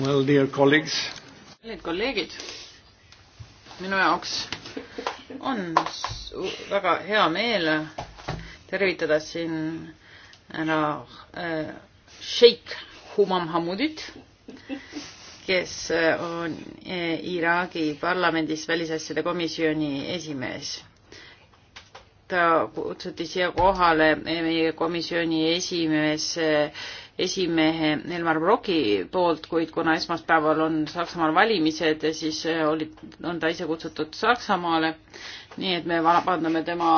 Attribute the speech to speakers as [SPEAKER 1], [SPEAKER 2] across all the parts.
[SPEAKER 1] Well, dear colleagues.
[SPEAKER 2] Need kolleegid, minu jaoks on väga hea meel tervitada siin härra äh, Sheikh Humam Hamudit, kes äh, on äh, Iraagi parlamendis välisasjade komisjoni esimees ta kutsuti siia kohale meie komisjoni esimees äh, esimehe Elmar Broki poolt, kuid kuna esmaspäeval on Saksamaal valimised, siis äh, oli, on ta ise kutsutud Saksamaale. nii et me vabandame tema,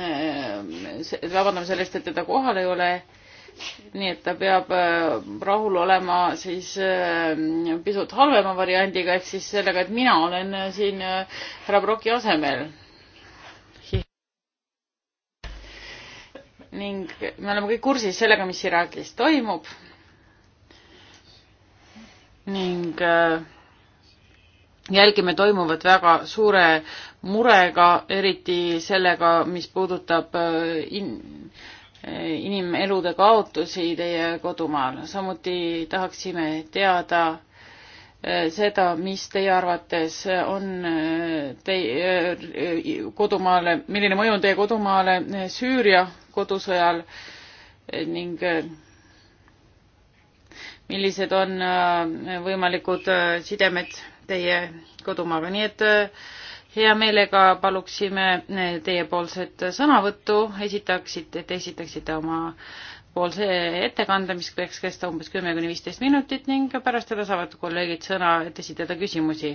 [SPEAKER 2] äh, vabandame selle eest, et teda kohal ei ole. nii et ta peab äh, rahul olema siis pisut halvema variandiga ehk siis sellega, et mina olen siin härra Broki asemel ning me oleme kõik kursis sellega, mis Iraagis toimub. ning äh, jälgime toimuvat väga suure murega, eriti sellega, mis puudutab äh, in-, äh, inimelude kaotusi teie kodumaal. samuti tahaksime teada, Äh, seda, mis teie arvates on äh, teie äh, kodumaale, milline mõju on teie kodumaale Süüria kodusõjal ning millised on võimalikud sidemed teie kodumaaga, nii et hea meelega paluksime teiepoolset sõnavõttu, esitaksite, te esitaksite oma äh, poolse ettekande, mis peaks kesta umbes kümme kuni viisteist minutit ning pärast seda saavad kolleegid sõna, et esitada küsimusi.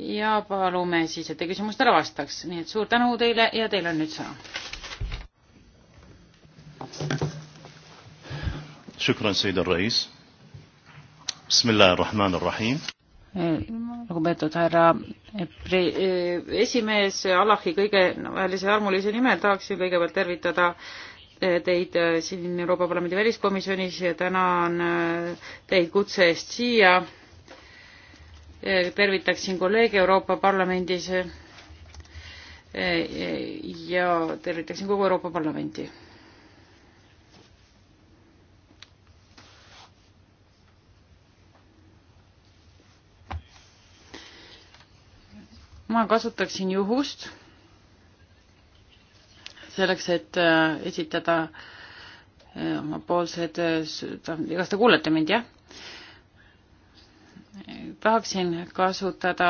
[SPEAKER 2] ja palume siis, et te küsimustele vastaks, nii et suur tänu teile ja teil on nüüd sõna.
[SPEAKER 3] شكرا سيد الرئيس بسم الله
[SPEAKER 4] الرحمن
[SPEAKER 2] الرحيم lugupeetud härra eh, esimees Allahi kõige väelise armulise nimel tahaksin kõigepealt tervitada äh, teid äh, siin Euroopa Parlamendi väliskomisjonis ja tänan äh, teid kutse eest siia. Äh, tervitaksin kolleege Euroopa Parlamendis ja tervitaksin kogu Euroopa Parlamenti. ma kasutaksin juhust selleks, et äh, esitada äh, omapoolsed, äh, kas te kuulete mind, jah? tahaksin kasutada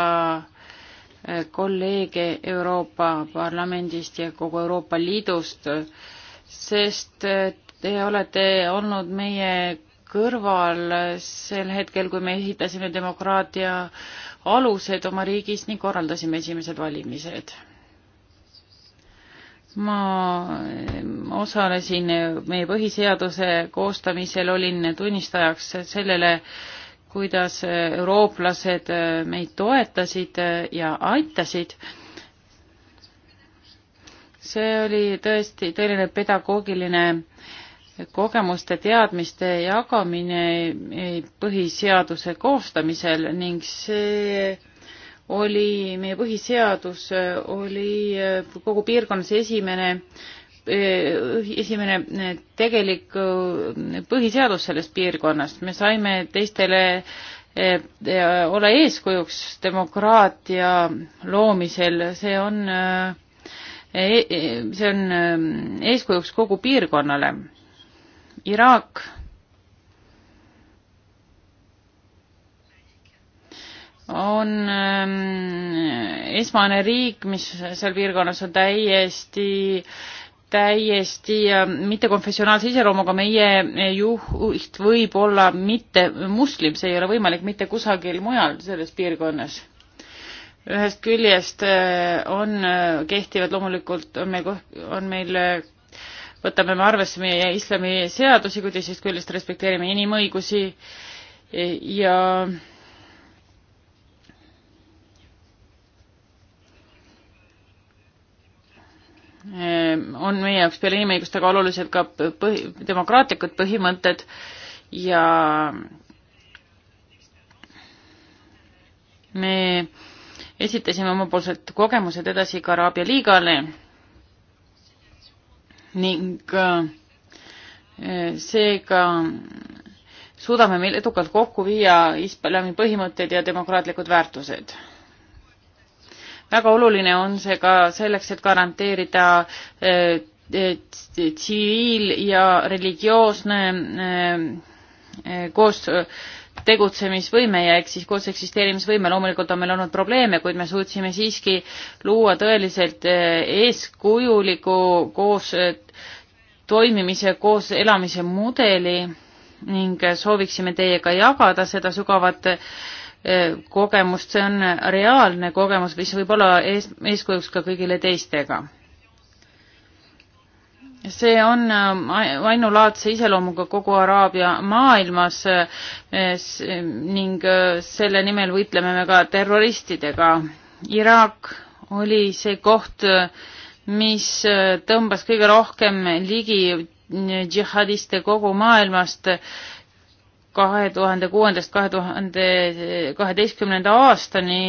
[SPEAKER 2] kolleege Euroopa Parlamendist ja kogu Euroopa Liidust, sest te olete olnud meie kõrval sel hetkel, kui me ehitasime demokraatia alused oma riigis ning korraldasime esimesed valimised ma osalesin meie põhiseaduse koostamisel, olin tunnistajaks sellele, kuidas eurooplased meid toetasid ja aitasid. see oli tõesti tõeline pedagoogiline kogemuste, teadmiste jagamine põhiseaduse koostamisel ning see oli, meie põhiseadus äh, oli äh, kogu piirkonnas esimene äh, esimene tegelik põhiseadus sellest piirkonnast, me saime teistele olla eeskujuks demokraatia loomisel, see on, e, e, see on eeskujuks kogu piirkonnale. Iraak on ähm, esmane riik, mis seal piirkonnas on täiesti, täiesti ähm, mittekonfessionaalse iseloomuga, meie juht võib olla mitte muslim, see ei ole võimalik mitte kusagil mujal selles piirkonnas. ühest küljest äh, on, äh, kehtivad loomulikult, on meil, on meil äh, võtame me arvesse meie islami seadusi, kui teisest küljest respekteerime inimõigusi ja Ehm, on meie jaoks peale inimõigustega olulised ka põhi, demokraatlikud põhimõtted ja me esitasime omapoolsed kogemused edasi ka Araabia liigale ning eh, seega suudame meil edukalt kokku viia islami põhimõtted ja demokraatlikud väärtused väga oluline on see ka selleks, et garanteerida eh, eh, tsiviil- ja religioosne eh, koos tegutsemisvõime ja ehk siis koos eksisteerimisvõime, loomulikult on meil olnud probleeme, kuid me suutsime siiski luua tõeliselt eeskujuliku koos toimimise, koos elamise mudeli ning sooviksime teiega jagada seda sügavat Äh, kogemust, see on reaalne kogemus, mis võib olla ees, eeskujuks ka kõigile teistega. see on äh, ainulaadse iseloomuga kogu Araabia maailmas äh, ning selle nimel võitleme me ka terroristidega. Iraak oli see koht, mis tõmbas kõige rohkem ligi džihadiste kogu maailmast äh, kahe tuhande kuuendast kahe tuhande kaheteistkümnenda aastani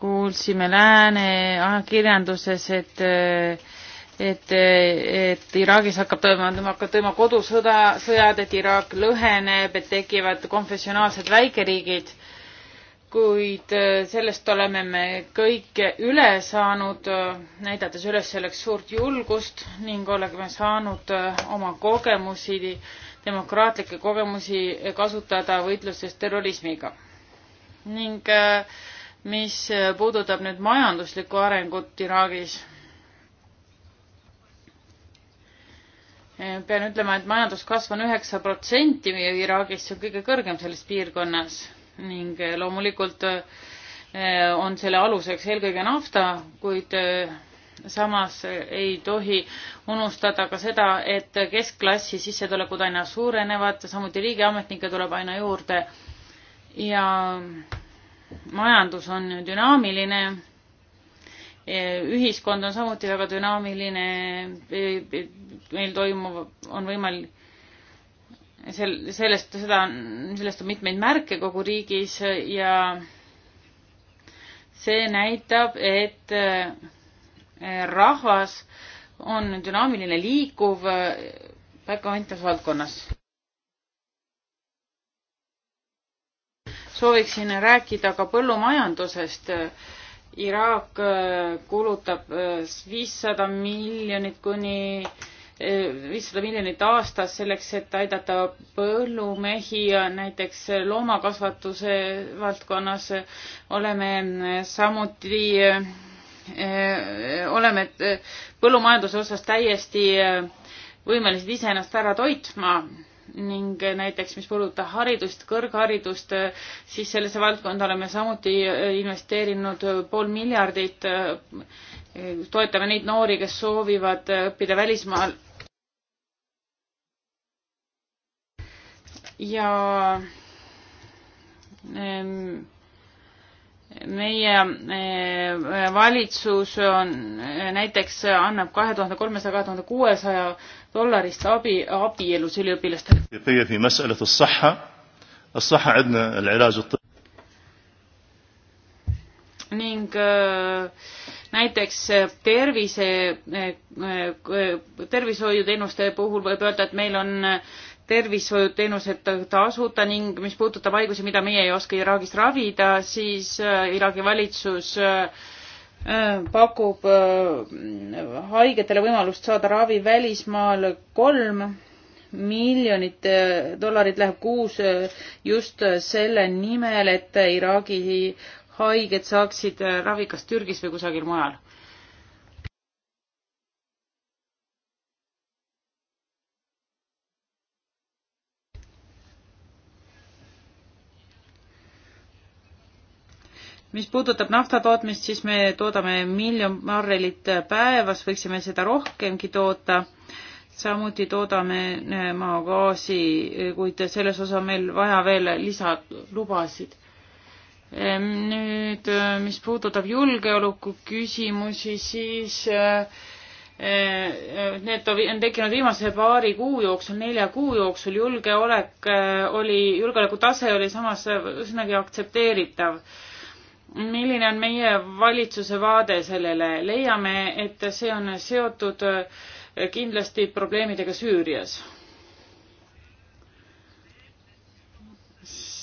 [SPEAKER 2] kuulsime lääne ajakirjanduses, et et, et Iraagis hakkab toimuma, hakkab toimuma kodusõda, sõjad, et Iraak lõheneb, et tekivad konfessionaalsed väikeriigid kuid äh, sellest oleme me kõik üle saanud, äh, näidates üles selleks suurt julgust ning oleme saanud äh, oma kogemusi, demokraatlikke kogemusi kasutada võitluses terrorismiga. ning mis puudutab nüüd majanduslikku arengut Iraagis, pean ütlema, et majanduskasv on üheksa protsenti Iraagis, see on kõige kõrgem selles piirkonnas ning eh, loomulikult eh, on selle aluseks eelkõige nafta, kuid eh, samas ei tohi unustada ka seda, et keskklassi sissetulekud aina suurenevad, samuti riigiametnikke tuleb aina juurde ja majandus on dünaamiline, ühiskond on samuti väga dünaamiline, meil toimub, on võimalik sel, sellest, seda on, sellest on mitmeid märke kogu riigis ja see näitab, et eh, rahvas on dünaamiline, liikuv eh, väga mitmes valdkonnas. sooviksin rääkida ka põllumajandusest. Iraak eh, kulutab viissada miljonit kuni viissada miljonit aastas selleks, et aidata põllumehi ja näiteks loomakasvatuse valdkonnas oleme samuti, eh, oleme eh, põllumajanduse osas täiesti eh, võimelised iseennast ära toitma ning näiteks, mis puudutab haridust, kõrgharidust, siis sellesse valdkonda oleme samuti investeerinud pool miljardit. toetame neid noori, kes soovivad õppida välismaal. ja ähm, meie eh, valitsus on eh, näiteks annab kahe tuhande kolmesaja, kahe tuhande kuuesaja dollarist abi abielus üliõpilastele. ning eh, näiteks tervise, tervishoiuteenuste puhul võib öelda, et meil on tervishoiuteenused tasuta ning mis puudutab haigusi, mida meie ei oska Iraagis ravida, siis äh, Iraagi valitsus äh, äh, pakub haigetele võimalust saada ravi välismaal kolm miljonit dollarit läheb kuus just selle nimel, et Iraagi haiged saaksid ravi kas Türgis või kusagil mujal. mis puudutab naftatootmist, siis me toodame miljon barrelit päevas, võiksime seda rohkemgi toota. samuti toodame eh, maagaasi, eh, kuid selles osas on meil vaja veel lisalubasid. Ehm, nüüd, eh, mis puudutab julgeoleku küsimusi, siis Need on tekkinud viimase paari kuu jooksul, nelja kuu jooksul, julgeolek oli, julgeolekutase oli samas üsnagi aktsepteeritav milline on meie valitsuse vaade sellele? leiame, et see on seotud eh, kindlasti probleemidega Süürias.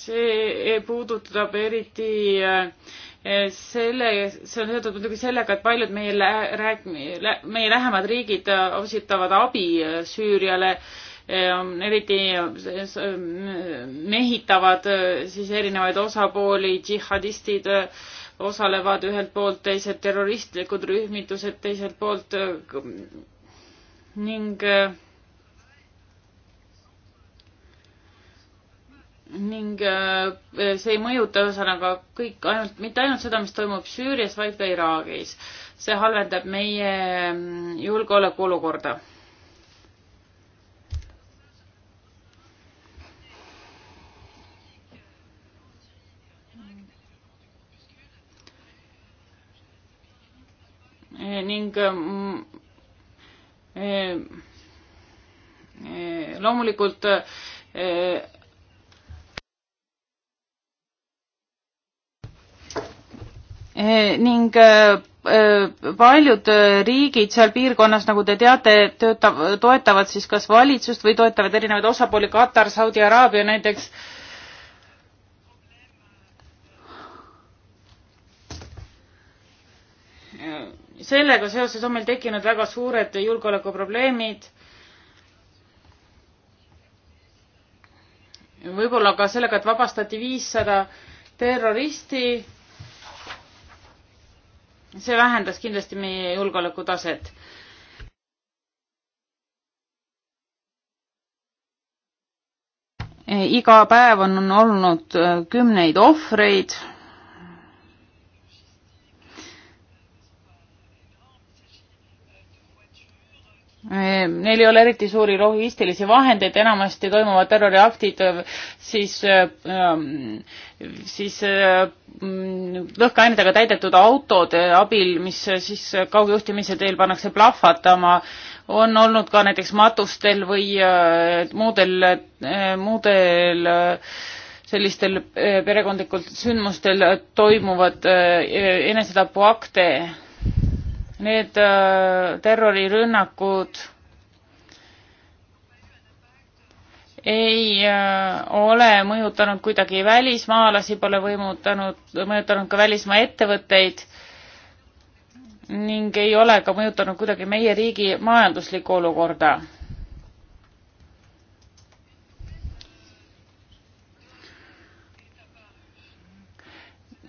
[SPEAKER 2] see puudutab eriti eh, selle, see on seotud muidugi sellega, et paljud meie rääk-, meie lähemad riigid eh, osutavad abi Süüriale Ehm, eriti eh, ehm, mehitavad eh, siis erinevaid osapooli, džihadistid eh, osalevad ühelt poolt, teised terroristlikud rühmitused teiselt poolt ning ning see ei mõjuta ühesõnaga kõik ainult, mitte ainult seda, mis toimub Süürias, vaid ka Iraagis. see halvendab meie mm, julgeolekuolukorda ning äh, äh, loomulikult äh, ning paljud riigid seal piirkonnas, nagu te teate, töötav, toetavad siis kas valitsust või toetavad erinevaid osapooli, Katar, Saudi Araabia näiteks äh, sellega seoses on meil tekkinud väga suured julgeolekuprobleemid. võib-olla ka sellega, et vabastati viissada terroristi. see vähendas kindlasti meie julgeolekutaset iga päev on olnud kümneid ohvreid Eh, neil ei ole eriti suuri logistilisi vahendeid, enamasti toimuvad terroriaktid eh, siis, eh, mm, siis mm, lõhkeainetega täidetud autode abil, mis siis kaugjuhtimise teel pannakse plahvatama. on olnud ka näiteks matustel või muudel, muudel sellistel perekondlikult sündmustel toimuvad enesetapuakte Need äh, terrorirünnakud ei äh, ole mõjutanud kuidagi välismaalasi, pole võimutanud, mõjutanud ka välismaa ettevõtteid ning ei ole ka mõjutanud kuidagi meie riigi majanduslikku olukorda.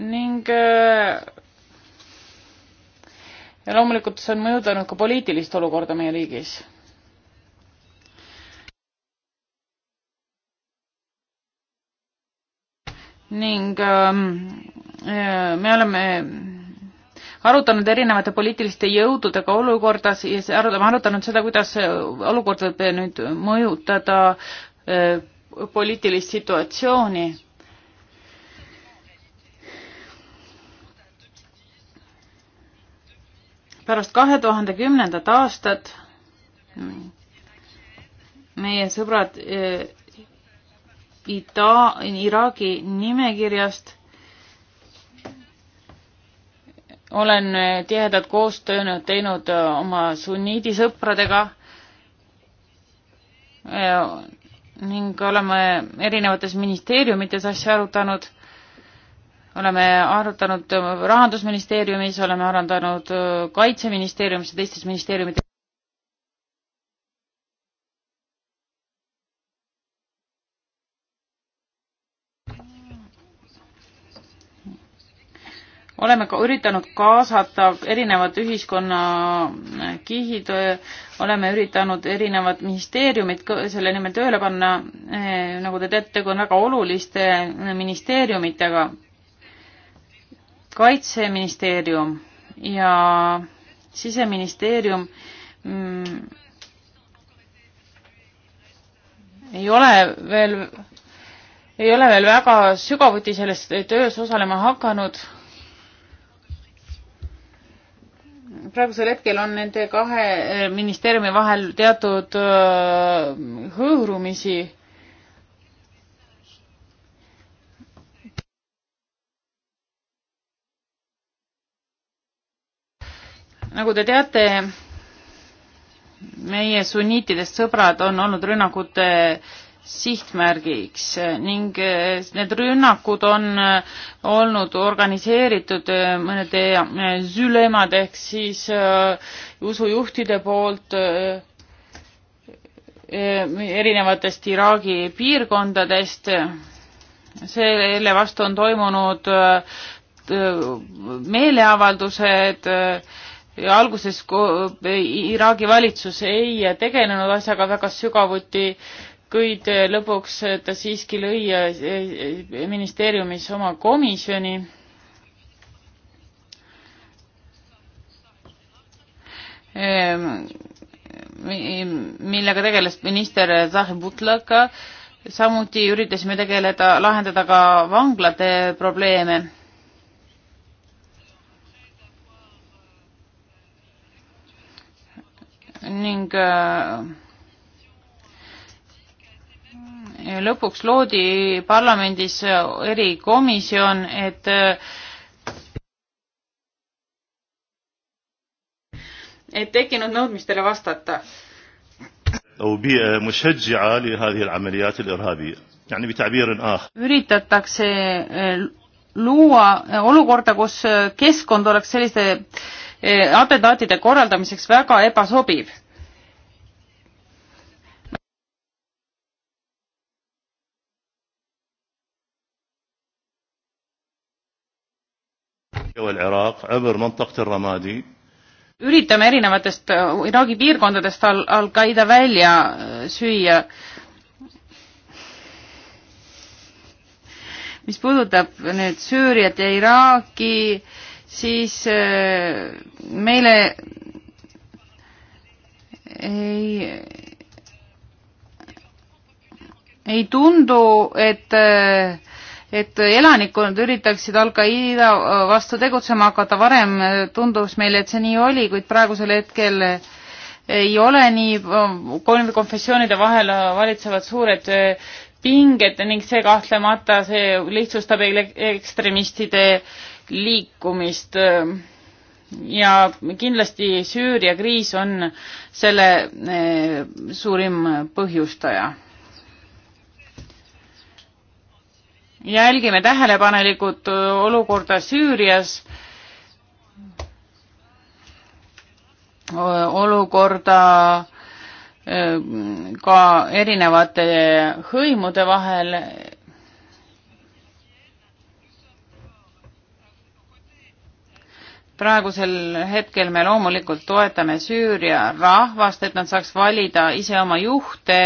[SPEAKER 2] ning äh, ja loomulikult see on mõjutanud ka poliitilist olukorda meie riigis. ning ähm, äh, me oleme arutanud erinevate poliitiliste jõududega olukorda, siis oleme arutanud seda, kuidas see olukord võib nüüd mõjutada äh, poliitilist situatsiooni pärast kahe tuhande kümnendat aastat meie sõbrad eh, Ita-, Iraagi nimekirjast olen eh, tihedat koostööd teinud eh, oma sunniidi sõpradega ning oleme erinevates ministeeriumites asja arutanud oleme arutanud Rahandusministeeriumis, oleme arendanud Kaitseministeeriumis ja teistes ministeeriumides. oleme ka üritanud kaasata erinevad ühiskonnakihid, oleme üritanud erinevad ministeeriumid selle nimel tööle panna, eh, nagu te teate, kui on väga oluliste ministeeriumitega kaitseministeerium ja siseministeerium mm, ei ole veel, ei ole veel väga sügavuti selles töös osalema hakanud. praegusel hetkel on nende kahe ministeeriumi vahel teatud äh, hõõrumisi nagu te teate, meie sunniitidest sõbrad on olnud rünnakute sihtmärgiks ning eh, need rünnakud on eh, olnud organiseeritud eh, mõnede sülemad ehk siis usujuhtide poolt erinevatest Iraagi piirkondadest. selle vastu on toimunud meeleavaldused äh, alguses Iraagi valitsus ei tegelenud asjaga väga sügavuti, kuid lõpuks ta siiski lõi eh, ministeeriumis oma komisjoni. Ehm, millega tegeles minister Zahir Butlaka, samuti üritasime tegeleda, lahendada ka vanglate probleeme ning äh, lõpuks loodi parlamendis erikomisjon, et et tekkinud nõudmistele vastata. üritatakse äh, luua äh, olukorda, kus keskkond oleks selliste Eh, atentaatide korraldamiseks väga ebasobiv.
[SPEAKER 5] üritame
[SPEAKER 2] erinevatest eh, Iraagi piirkondadest Al-Qaeda al välja eh, süüa mis puudutab nüüd Süüriat ja Iraaki, siis äh, meile ei, ei tundu, et, äh, et elanikud üritaksid Al-Qaeda vastu tegutsema hakata, varem tundus meile, et see nii oli, kuid praegusel hetkel ei ole nii, konfessioonide vahel valitsevad suured äh, pinged ning see kahtlemata, see lihtsustab ekstremistide liikumist ja kindlasti Süüria kriis on selle eh, suurim põhjustaja. jälgime tähelepanelikult olukorda Süürias, olukorda eh, ka erinevate hõimude vahel praegusel hetkel me loomulikult toetame Süüria rahvast, et nad saaks valida ise oma juhte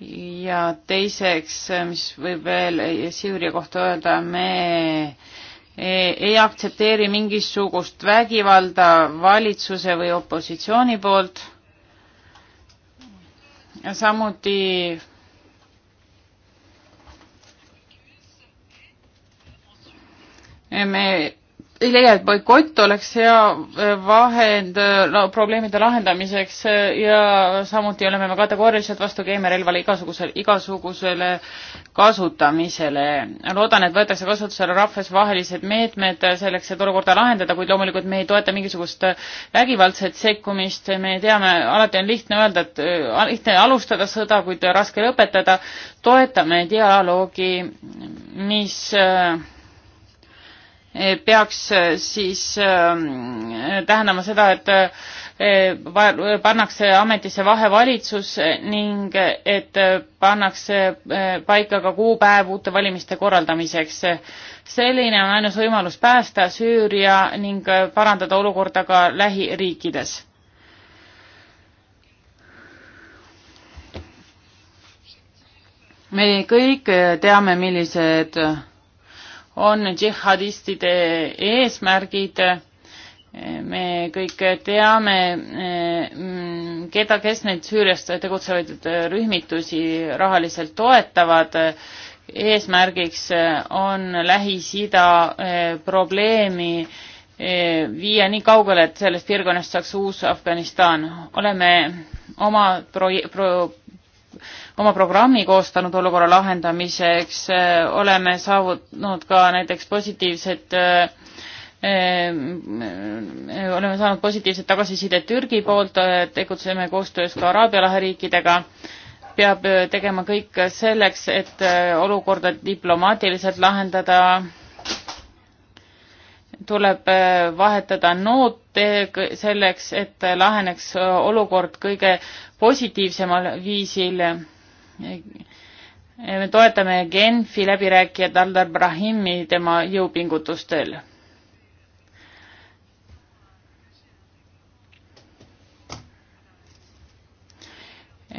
[SPEAKER 2] ja teiseks, mis võib veel Süüria kohta öelda, me ei aktsepteeri mingisugust vägivalda valitsuse või opositsiooni poolt. samuti me ei leia, et boikott oleks hea eh, vahend no, eh, probleemide lahendamiseks eh, ja samuti oleme me kategooriliselt vastu keemiarelvale igasugusele, igasugusele kasutamisele. loodan, et võetakse kasutusele rahvusvahelised meetmed selleks, et olukorda lahendada, kuid loomulikult me ei toeta mingisugust vägivaldset sekkumist, me teame, alati on lihtne öelda, et lihtne alustada sõda, kuid raske lõpetada. toetame dialoogi, mis äh, peaks äh, siis ähm, tähendama seda, et äh, pannakse ametisse vahevalitsus äh, ning et pannakse paika ka kuupäev uute valimiste korraldamiseks. selline on ainus võimalus päästa Süüria ning parandada olukorda ka lähiriikides. me kõik teame, millised on džihadistide eesmärgid. me kõik teame, keda, kes neid Süürias tegutsevaid rühmitusi rahaliselt toetavad. eesmärgiks on Lähis-Ida eh, probleemi eh, viia nii kaugele, et sellest piirkonnast saaks uus Afganistan. oleme oma pro-, pro-, oma programmi koostanud olukorra lahendamiseks, äh, oleme saavutanud ka näiteks positiivset äh, äh, oleme saanud positiivset tagasisidet Türgi poolt, tegutseme koostöös ka Araabia lahe riikidega. peab tegema kõik selleks, et olukorda diplomaatiliselt lahendada. tuleb vahetada noote selleks, et laheneks olukord kõige positiivsemal viisil me toetame Genfi läbirääkijat Aldar Brahimi tema jõupingutustel.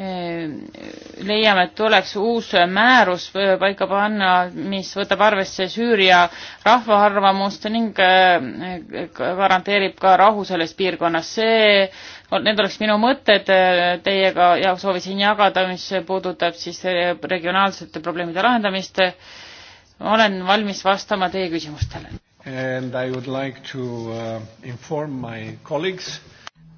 [SPEAKER 2] Ehm, leiame, et tuleks uus määrus paika panna, mis võtab arvesse Süüria rahva arvamust ning ehm, garanteerib ka rahu selles piirkonnas. see Need oleks minu mõtted äh, teiega ja soovisin jagada, mis puudutab siis äh, regionaalsete probleemide lahendamist. olen valmis vastama teie küsimustele.
[SPEAKER 1] And I would like to uh, inform my colleagues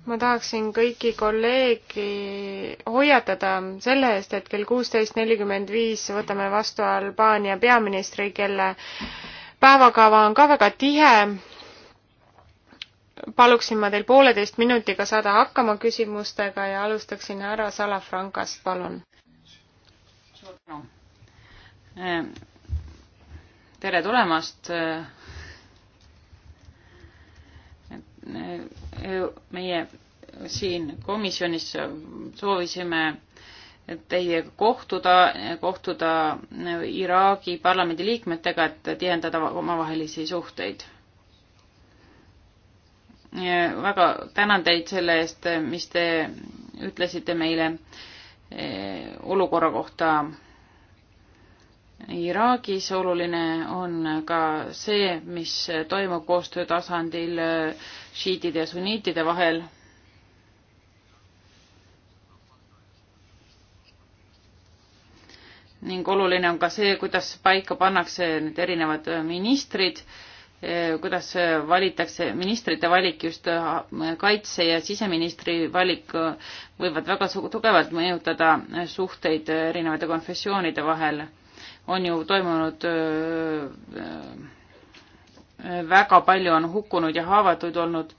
[SPEAKER 5] ma tahaksin kõiki kolleegi hoiatada selle eest, et kell kuusteist nelikümmend viis võtame vastu Albaania peaministri, kelle päevakava on ka väga tihe paluksin ma teil pooleteist minutiga saada hakkama küsimustega ja alustaksin härra Salafrankast, palun. suur tänu. Ehm, tere
[SPEAKER 2] tulemast. Ehm, meie siin komisjonis soovisime teiega kohtuda, kohtuda Iraagi parlamendi liikmetega, et tihendada omavahelisi suhteid väga tänan teid selle eest, mis te ütlesite meile eh, olukorra kohta Iraagis. oluline on ka see, mis toimub koostöö tasandil eh, šiitide ja sunniitide vahel. ning oluline on ka see, kuidas paika pannakse need erinevad ministrid Eh, kuidas valitakse, ministrite valik just eh, kaitse- ja siseministri valik eh, võivad väga tugevalt mõjutada suhteid erinevate konfessioonide vahel. on ju toimunud väga palju on hukkunud ja haavatuid olnud,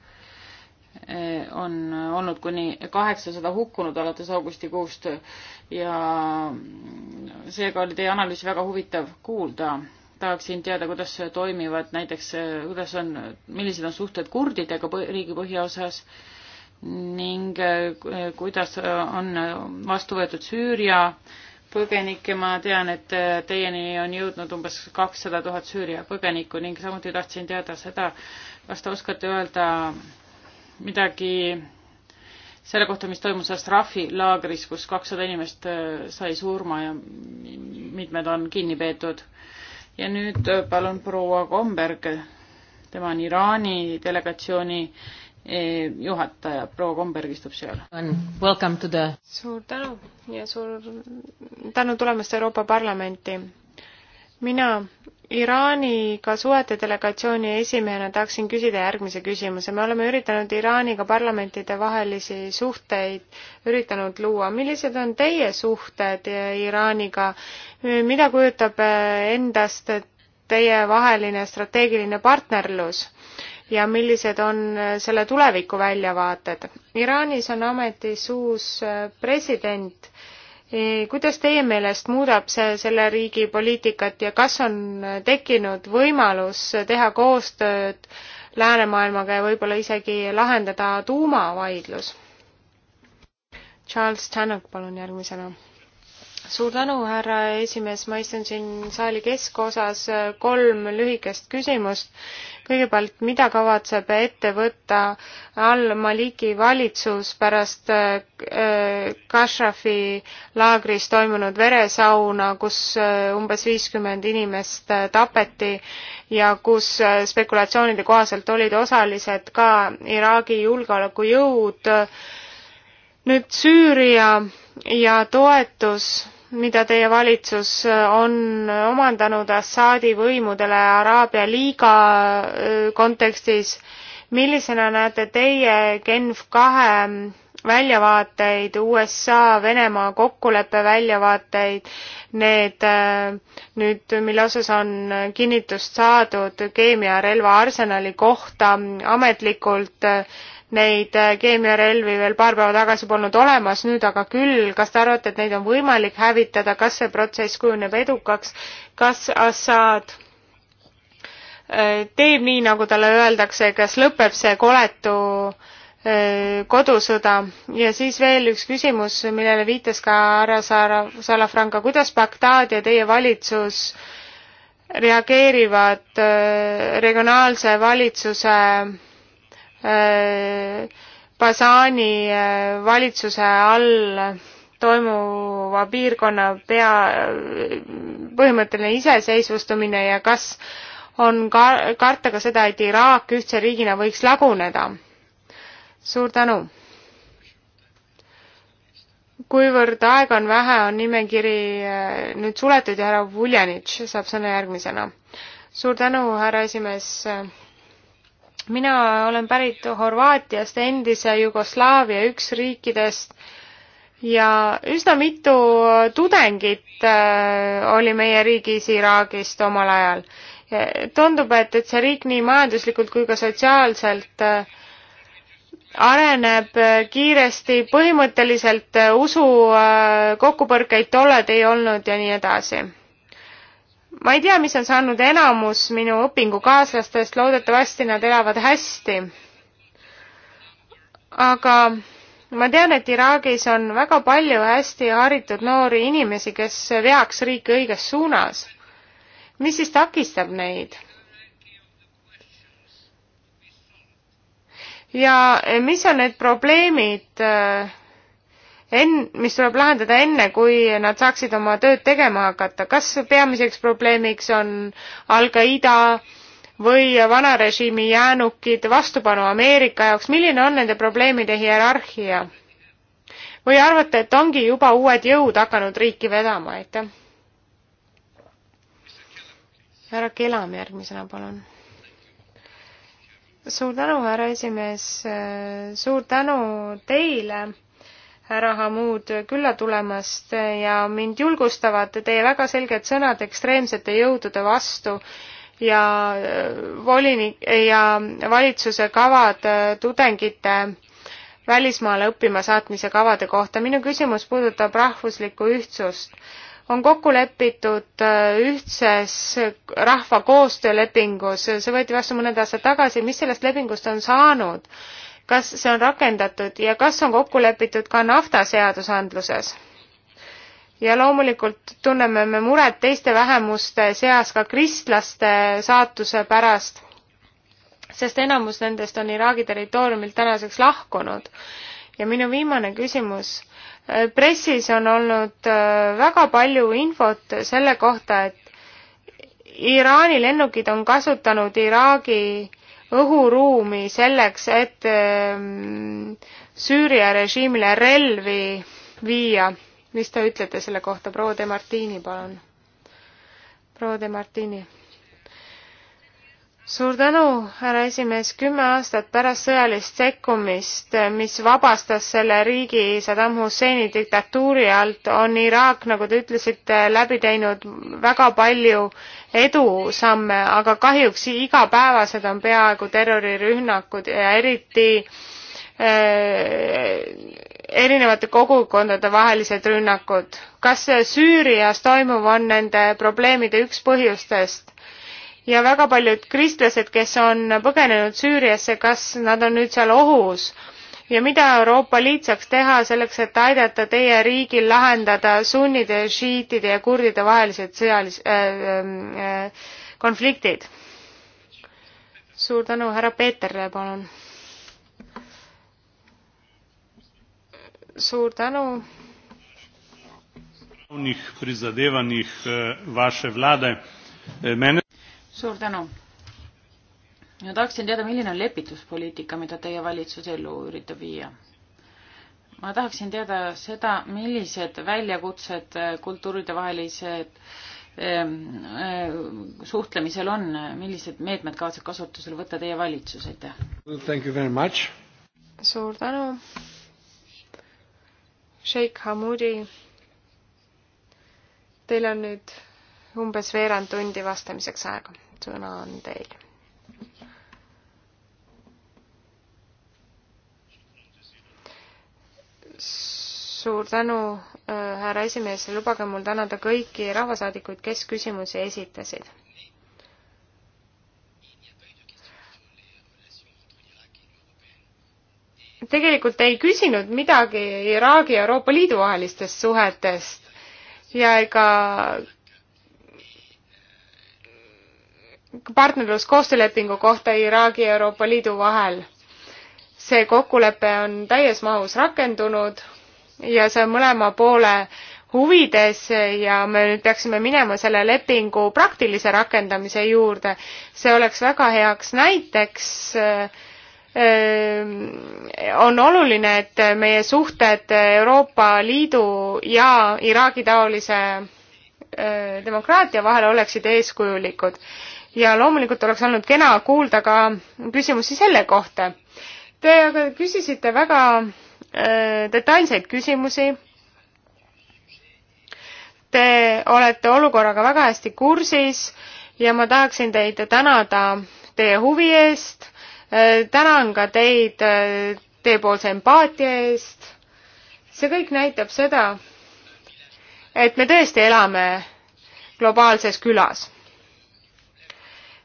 [SPEAKER 2] on olnud kuni kaheksasada hukkunud alates augustikuust ja seega oli teie analüüs väga huvitav kuulda tahaksin teada, kuidas toimivad näiteks, kuidas on, millised on suhted kurdidega riigi põhjaosas ning eh, kuidas on vastu võetud Süüria põgenikke, ma tean, et teieni on jõudnud umbes kakssada tuhat Süüria põgenikku ning samuti tahtsin teada seda, kas te oskate öelda midagi selle kohta, mis toimus Astrafi laagris, kus kakssada inimest eh, sai surma ja mitmed on kinni peetud ja nüüd äh, palun proua Komberg, tema on Iraani delegatsiooni äh,
[SPEAKER 5] juhataja, proua Komberg istub seal. The... suur tänu ja suur tänu tulemast Euroopa Parlamenti mina Iraaniga suhete delegatsiooni esimehena tahaksin küsida järgmise küsimuse. me oleme üritanud Iraaniga parlamentidevahelisi suhteid üritanud luua. millised on teie suhted Iraaniga? mida kujutab endast teievaheline strateegiline partnerlus? ja millised on selle tuleviku väljavaated? Iraanis on ametis uus president Eh, kuidas teie meelest muudab see selle riigi poliitikat ja kas on tekkinud võimalus teha koostööd läänemaailmaga ja võib-olla isegi lahendada tuumavaidlus? Charles Tannock, palun järgmisena. suur tänu, härra esimees, ma istun siin saali keskosas, kolm lühikest küsimust kõigepealt, mida kavatseb ette võtta al-Maliki valitsus pärast äh, Kashrafi laagris toimunud veresauna, kus äh, umbes viiskümmend inimest äh, tapeti ja kus spekulatsioonide kohaselt olid osalised ka Iraagi julgeolekujõud. nüüd Süüria ja toetus mida teie valitsus äh, on äh, omandanud Assaadi võimudele Araabia liiga äh, kontekstis. millisena näete teie Genf kahe mm, väljavaateid, USA, Venemaa kokkuleppe väljavaateid, need nüüd, mille osas on kinnitust saadud keemiarelva arsenali kohta mm, ametlikult äh, neid äh, keemiarelvi veel paar päeva tagasi polnud olemas, nüüd aga küll. kas te arvate, et neid on võimalik hävitada, kas see protsess kujuneb edukaks, kas Assad äh, teeb nii, nagu talle öeldakse, kas lõpeb see koletu äh, kodusõda ja siis veel üks küsimus, millele viitas ka härra Sara-, Salafranca, kuidas Bagdad ja teie valitsus reageerivad regionaalse valitsuse Äh, Basani äh, valitsuse all toimuva piirkonna pea, äh, põhimõtteline iseseisvustumine ja kas on ka karta ka seda, et Iraak ühtse riigina võiks laguneda? suur tänu! kuivõrd aega on vähe, on nimekiri nüüd suletud ja härra Vuljanitš saab sõna järgmisena. suur tänu, härra esimees mina olen pärit Horvaatiast, endise Jugoslaavia üks riikidest ja üsna mitu tudengit äh, oli meie riigis Iraagist omal ajal. tundub, et, et see riik nii majanduslikult kui ka sotsiaalselt äh, areneb äh, kiiresti, põhimõtteliselt usu kokkupõrkeid tollal ei olnud ja nii edasi ma ei tea, mis on saanud enamus minu õpingukaaslastest, loodetavasti nad elavad hästi. aga ma tean, et Iraagis on väga palju hästi haritud noori inimesi, kes veaks riiki õiges suunas. mis siis takistab neid? ja mis on need probleemid äh,, enn-, mis tuleb lahendada enne, kui nad saaksid oma tööd tegema hakata. kas peamiseks probleemiks on Al-Qaeda või vana režiimi jäänukid, vastupanu Ameerika jaoks, milline on nende probleemide hierarhia? või arvate, et ongi juba uued jõud hakanud riiki vedama, aitäh? härra Kelam järgmisena, palun suur tänu, härra esimees, suur tänu teile härra Hamud külla tulemast ja mind julgustavad teie väga selged sõnad ekstreemsete jõudude vastu ja äh, volinik ja valitsuse kavad äh, tudengite välismaale õppima saatmise kavade kohta. minu küsimus puudutab rahvuslikku ühtsust. on kokku lepitud äh, ühtses rahva koostöölepingus, see võeti vastu mõned aastad tagasi, mis sellest lepingust on saanud? kas see on rakendatud ja kas on kokku lepitud ka nafta seadusandluses? ja loomulikult tunneme me muret teiste vähemuste seas ka kristlaste saatuse pärast, sest enamus nendest on Iraagi territooriumilt tänaseks lahkunud. ja minu viimane küsimus pressis on olnud äh, väga palju infot selle kohta, et Iraani lennukid on kasutanud Iraagi õhuruumi selleks, et ähm, Süüria režiimile relvi viia. mis te ütlete selle kohta, proua De Martini, palun? proua De Martini suur tänu, härra esimees, kümme aastat pärast sõjalist sekkumist, mis vabastas selle riigi Saddam Husseini diktatuuri alt, on Iraak, nagu te ütlesite, läbi teinud väga palju edusamme, aga kahjuks igapäevased on peaaegu terrorirünnakud ja eriti äh, erinevate kogukondade vahelised rünnakud. kas Süürias toimuv on nende probleemide üks põhjustest? ja väga paljud kristlased, kes on põgenenud Süüriasse, kas nad on nüüd seal ohus? ja mida Euroopa Liit saaks teha selleks, et aidata teie riigil lahendada sunnide, šiitide ja kurdide vahelised sõjalis- äh,, äh, konfliktid? suur tänu, härra Peeterle, palun. suur tänu.
[SPEAKER 1] prizadevanjih äh, vaše vlade. Äh, mene
[SPEAKER 5] suur tänu.
[SPEAKER 2] ma tahaksin teada, milline on lepituspoliitika, mida teie valitsus ellu üritab viia? ma tahaksin teada seda, millised väljakutsed kultuuridevahelised ehm, ehm, suhtlemisel on, millised meetmed kavatseb kasutusele võtta teie valitsus, aitäh
[SPEAKER 1] well,!
[SPEAKER 5] suur tänu! Sheikh Hamudi, teil on nüüd umbes veerand tundi vastamiseks aega sõna on teil. suur tänu, äh, härra esimees, lubage mul tänada kõiki rahvasaadikuid, kes küsimusi esitasid tegelikult ei küsinud midagi Iraagi ja Euroopa Liidu vahelistest suhetest ja ega partnerluskoostöölepingu kohta Iraagi ja Euroopa Liidu vahel. see kokkulepe on täies mahus rakendunud ja see on mõlema poole huvides ja me nüüd peaksime minema selle lepingu praktilise rakendamise juurde. see oleks väga heaks näiteks äh, on oluline, et meie suhted Euroopa Liidu ja Iraagi taolise äh, demokraatia vahel oleksid eeskujulikud ja loomulikult oleks olnud kena kuulda ka küsimusi selle kohta. Te aga küsisite väga äh, detailseid küsimusi. Te olete olukorraga väga hästi kursis ja ma tahaksin teid tänada teie huvi eest äh,. tänan ka teid äh, teiepoolse empaatia eest. see kõik näitab seda, et me tõesti elame globaalses külas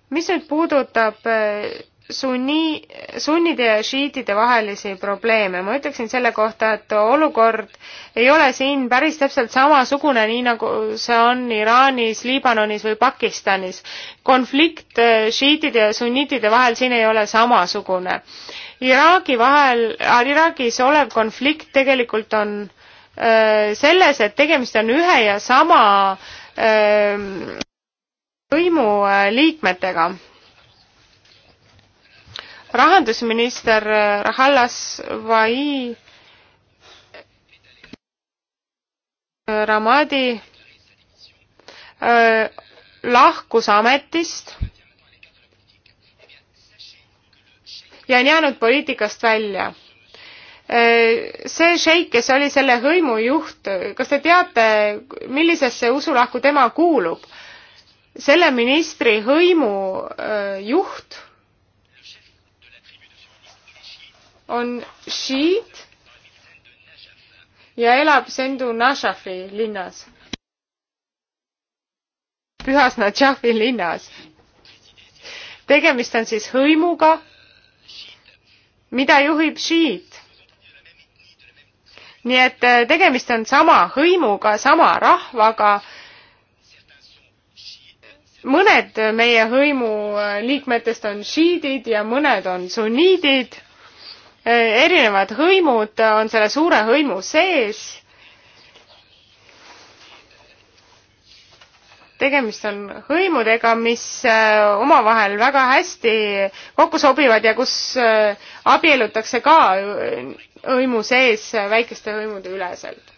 [SPEAKER 5] mis nüüd puudutab äh, sunni, sunnide ja šiitide vahelisi probleeme. ma ütleksin selle kohta, et olukord ei ole siin päris täpselt samasugune, nii nagu see on Iraanis, Liibanonis või Pakistanis. konflikt äh, šiitide ja sunnitide vahel siin ei ole samasugune. Iraagi vahel, äh, Iraagis olev konflikt tegelikult on öö, selles, et tegemist on ühe ja sama öö, võimu äh, liikmetega. rahandusminister äh, Rahallas Vai äh, Ramadi öö, lahkus ametist ja on jäänud poliitikast välja. see šeik, kes oli selle hõimu juht, kas te teate, millisesse usulahku tema kuulub? selle ministri hõimu äh, juht on šiit ja elab Sendu Nashafi linnas, pühas Nashafi linnas. tegemist on siis hõimuga, mida juhib šiit. nii et äh, tegemist on sama hõimuga, sama rahvaga mõned meie hõimu äh, liikmetest on šiidid ja mõned on sunniidid. Äh, erinevad hõimud äh, on selle suure hõimu sees. tegemist on hõimudega, mis omavahel väga hästi kokku sobivad ja kus abiellutakse ka hõimu sees väikeste hõimude üleselt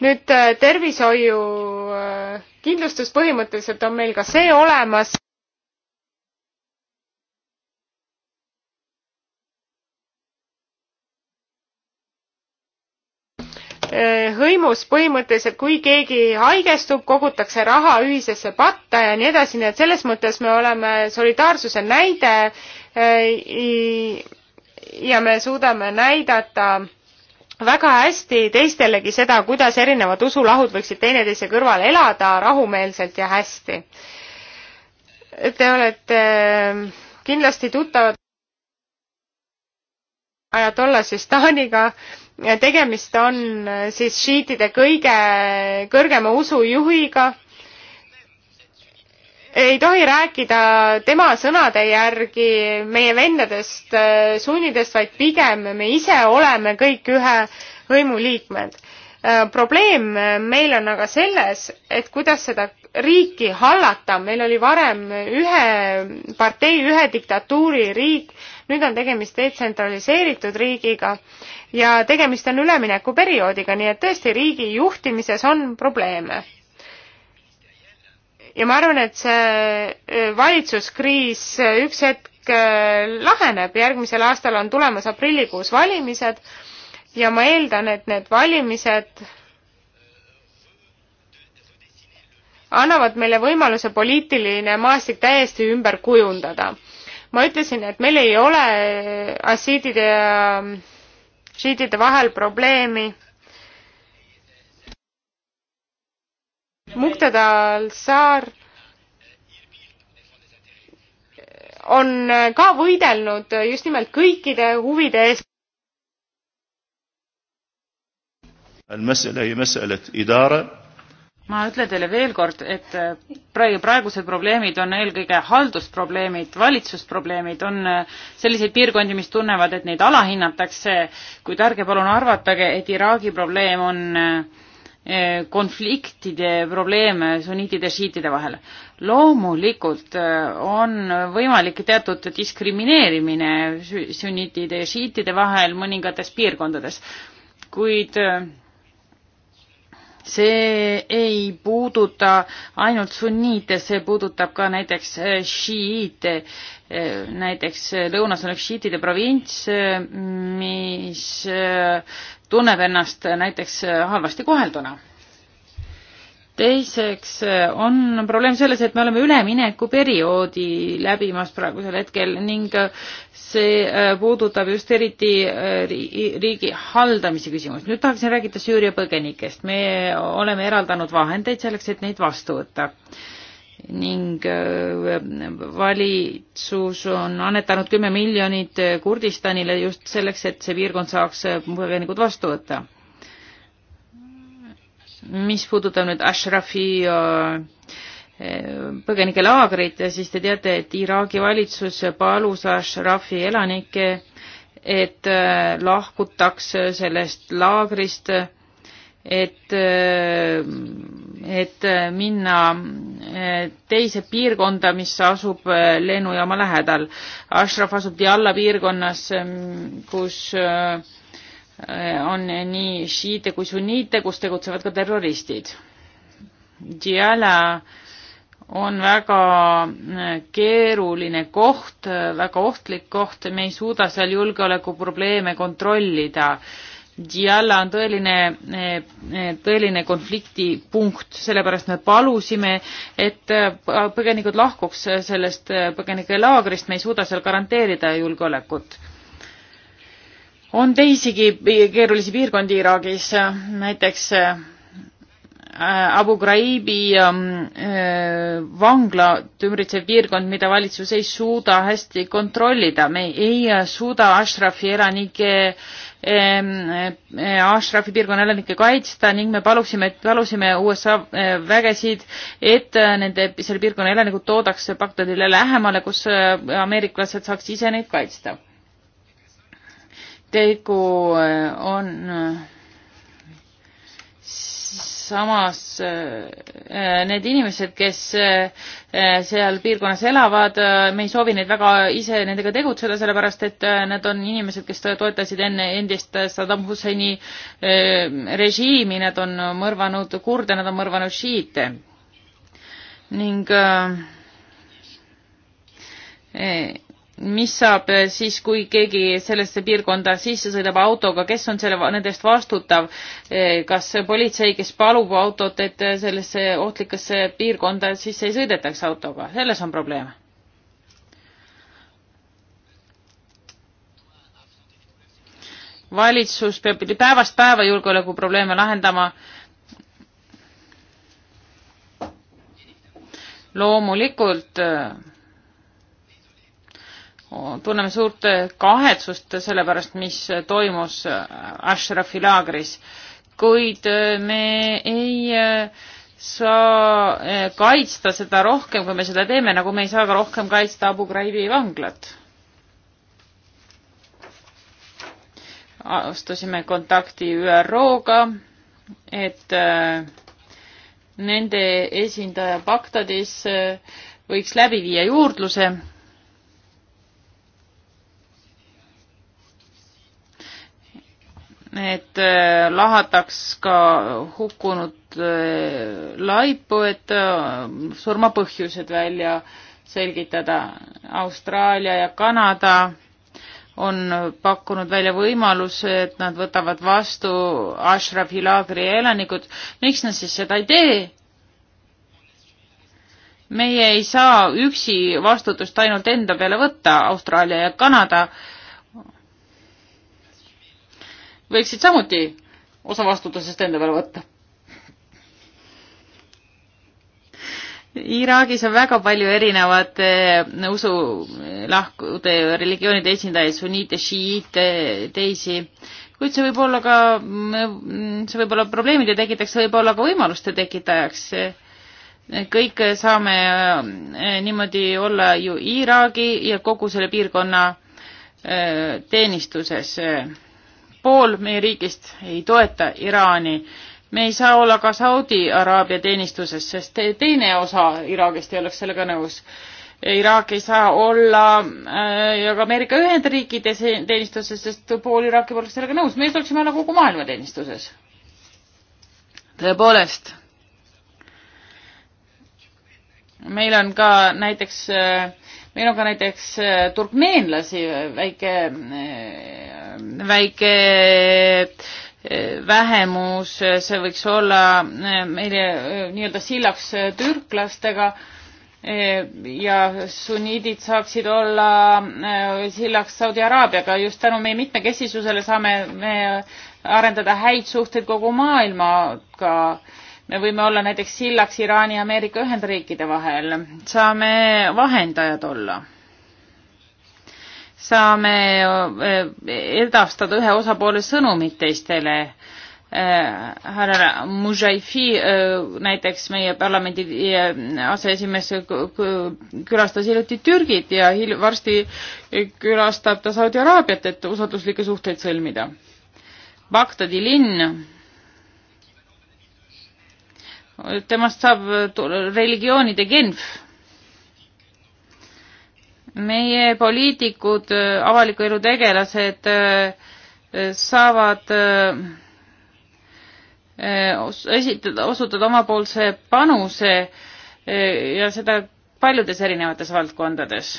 [SPEAKER 5] nüüd äh, tervishoiu äh, kindlustus põhimõtteliselt on meil ka see olemas. Äh, hõimus põhimõtteliselt, kui keegi haigestub, kogutakse raha ühisesse patta ja nii edasi, nii et selles mõttes me oleme solidaarsuse näide ja me suudame näidata äh, väga hästi teistelegi seda, kuidas erinevad usulahud võiksid teineteise kõrval elada rahumeelselt ja hästi. Te olete ähm, kindlasti tuttavad ajatolla Süstaaniga, tegemist on äh, siis šiitide kõige kõrgema usujuhiga ei tohi rääkida tema sõnade järgi meie vendadest sunnidest, vaid pigem me ise oleme kõik ühe hõimu liikmed. Äh, probleem meil on aga selles, et kuidas seda riiki hallata, meil oli varem ühe partei, ühe diktatuuri riik, nüüd on tegemist detsentraliseeritud riigiga ja tegemist on üleminekuperioodiga, nii et tõesti riigi juhtimises on probleeme ja ma arvan, et see e, valitsuskriis e, üks hetk e, laheneb, järgmisel aastal on tulemas aprillikuus valimised ja ma eeldan, et need valimised annavad meile võimaluse poliitiline maastik täiesti ümber kujundada. ma ütlesin, et meil ei ole assiidide ja šiitide vahel probleemi Muktada Al-Saar on ka võidelnud just nimelt kõikide huvide eest. ma ütlen teile veel
[SPEAKER 2] kord, et praegused probleemid on eelkõige haldusprobleemid, valitsusprobleemid, on selliseid piirkondi, mis tunnevad, et neid alahinnatakse, kuid ärge palun arvatage, et Iraagi probleem on äh, Eh, konfliktide probleeme sunniitide ja šiitide vahel. loomulikult eh, on võimalik teatud diskrimineerimine sunniitide ja šiitide vahel mõningates piirkondades, kuid eh, see ei puuduta ainult sunniite, see puudutab ka näiteks äh, šiiite, äh, näiteks äh, lõunas on üks šiitide provints, mis tunneb ennast näiteks halvasti kohelduna teiseks eh, on probleem selles, et me oleme üleminekuperioodi läbimas praegusel hetkel ning eh, see eh, puudutab just eriti riigi haldamise küsimust. nüüd tahaksin rääkida Süüria põgenikest. me oleme eraldanud vahendeid selleks, et neid vastu võtta ning valitsus on annetanud kümme miljonit Kurdistanile just selleks, et see piirkond saaks põgenikud vastu võtta mis puudutab nüüd Ashrafi äh, äh, põgenikelaagrit, siis te teate, et Iraagi valitsus palus Ashrafi elanikke, et äh, lahkutaks sellest laagrist, et, et minna teise piirkonda, mis asub lennujaama lähedal. Ashraf asub Dialla piirkonnas, mm, kus äh, Äh, on nii šiite kui sunniite, kus tegutsevad ka terroristid. Djala on väga äh, keeruline koht, äh, väga ohtlik koht, me ei suuda seal julgeolekuprobleeme kontrollida. Djala on tõeline, tõeline konfliktipunkt, sellepärast me palusime, et põgenikud lahkuks sellest põgenikelaagrist, me ei suuda seal garanteerida julgeolekut on teisigi keerulisi piirkondi Iraagis, näiteks äh, Abu Graibi ähm, äh, vangla ümbritsev piirkond, mida valitsus ei suuda hästi kontrollida, me ei suuda Ashrafi elanike ähm, äh, Ashrafi piirkonna elanikke kaitsta ning me paluksime, et palusime USA vägesid, et nende, selle piirkonna elanikud toodaks Bagdadile lähemale, kus ameeriklased saaks ise neid kaitsta tegu eh, on eh, samas eh, need inimesed, kes seal piirkonnas elavad, me ei soovi neid väga ise nendega tegutseda, sellepärast et need on inimesed, kes toetasid enne endist Saddam Husseini režiimi, nad on mõrvanud kurde, nad on mõrvanud šiite. ning äh, mis saab eh, siis, kui keegi sellesse piirkonda sisse sõidab autoga, kes on selle, nende eest vastutav? Eh, kas politsei, kes palub autot, et eh, sellesse ohtlikesse piirkonda sisse ei sõidetaks autoga, selles on probleem? valitsus peab päevast päeva julgeolekuprobleeme lahendama. loomulikult tunneme suurt kahetsust selle pärast, mis toimus Ashrafi laagris, kuid äh, me ei äh, saa äh, kaitsta seda rohkem, kui me seda teeme, nagu me ei saa ka rohkem kaitsta Abu Ghraibi vanglat. astusime kontakti ÜRO-ga, et nende esindaja Bagdadis võiks läbi viia juurdluse et äh, lahataks ka hukkunud äh, laipu, et äh, surmapõhjused välja selgitada. Austraalia ja Kanada on pakkunud välja võimaluse, et nad võtavad vastu Ashrafi laagri elanikud. miks nad siis seda ei tee? meie ei saa üksi vastutust ainult enda peale võtta, Austraalia ja Kanada äh, võiksid samuti osa vastutusest enda peale võtta. Iraagis on väga palju erinevate usu lahkude religioonide esindajaid, sunniite, šiiite, teisi, kuid see võib olla ka, see võib olla probleemide tekitajaks, see võib olla ka võimaluste tekitajaks. kõik saame äh, niimoodi olla ju Iraagi ja kogu selle piirkonna äh, teenistuses pool meie riigist ei toeta Iraani. me ei saa olla ka Saudi Araabia teenistuses, sest teine osa Iraagist ei oleks sellega nõus. Iraak ei saa olla äh, ka Ameerika Ühendriikide teenistuses, sest pool Iraaki poleks sellega nõus, meie tuleksime olla nagu kogu maailma teenistuses. tõepoolest. meil on ka näiteks äh, meil on ka näiteks äh, turkmeenlasi väike, äh, väike äh, vähemus, see võiks olla meile nii-öelda sillaks türklastega ja sunniidid saaksid olla sillaks Saudi Araabiaga. just tänu meie mitmekesisusele saame me arendada häid suhteid kogu maailmaga me võime olla näiteks sillaks Iraani ja Ameerika Ühendriikide vahel, saame vahendajad olla. saame eh, edastada ühe osapoole sõnumit teistele. Eh, härra Mujaifi eh, näiteks meie parlamendi aseesimees külastas hiljuti Türgit ja hil-, varsti külastab ta Saudi Araabiat, et usalduslikke suhteid sõlmida. Bagdadi linn temast saab religioonide Genf. meie poliitikud, avaliku elu tegelased saavad esitada, osutada omapoolse panuse ja seda paljudes erinevates valdkondades.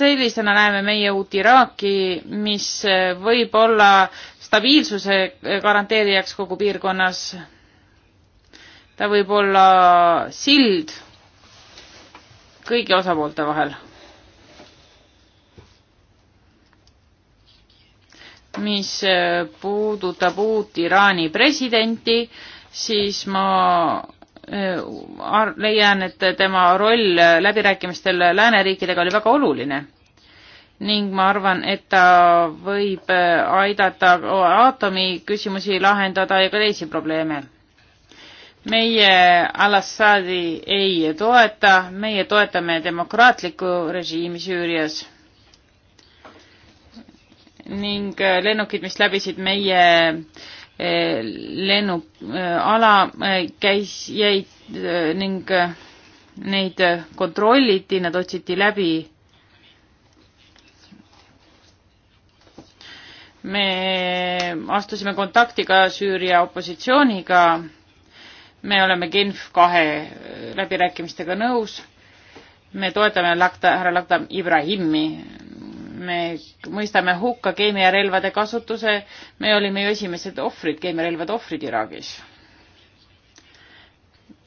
[SPEAKER 2] sellisena näeme meie uut Iraaki, mis võib olla stabiilsuse garanteerijaks kogu piirkonnas. ta võib olla sild kõigi osapoolte vahel. mis puudutab uut Iraani presidenti, siis ma äh, leian, et tema roll läbirääkimistel lääneriikidega oli väga oluline ning ma arvan, et ta võib äh, aidata aatomi küsimusi lahendada ja ka teisi probleeme. meie Al-Assadi ei toeta, meie toetame demokraatlikku režiimi Süürias ning äh, lennukid, mis läbisid meie äh, lennuala, käis, jäid ning neid kontrolliti, nad otsiti läbi me astusime kontakti ka Süüria opositsiooniga, me oleme Genf kahe läbirääkimistega nõus, me toetame Lakta, härra Lakta Ibrahimi, me mõistame hukka keemiarelvade kasutuse, me olime ju esimesed ohvrid, keemiarelvade ohvrid Iraagis.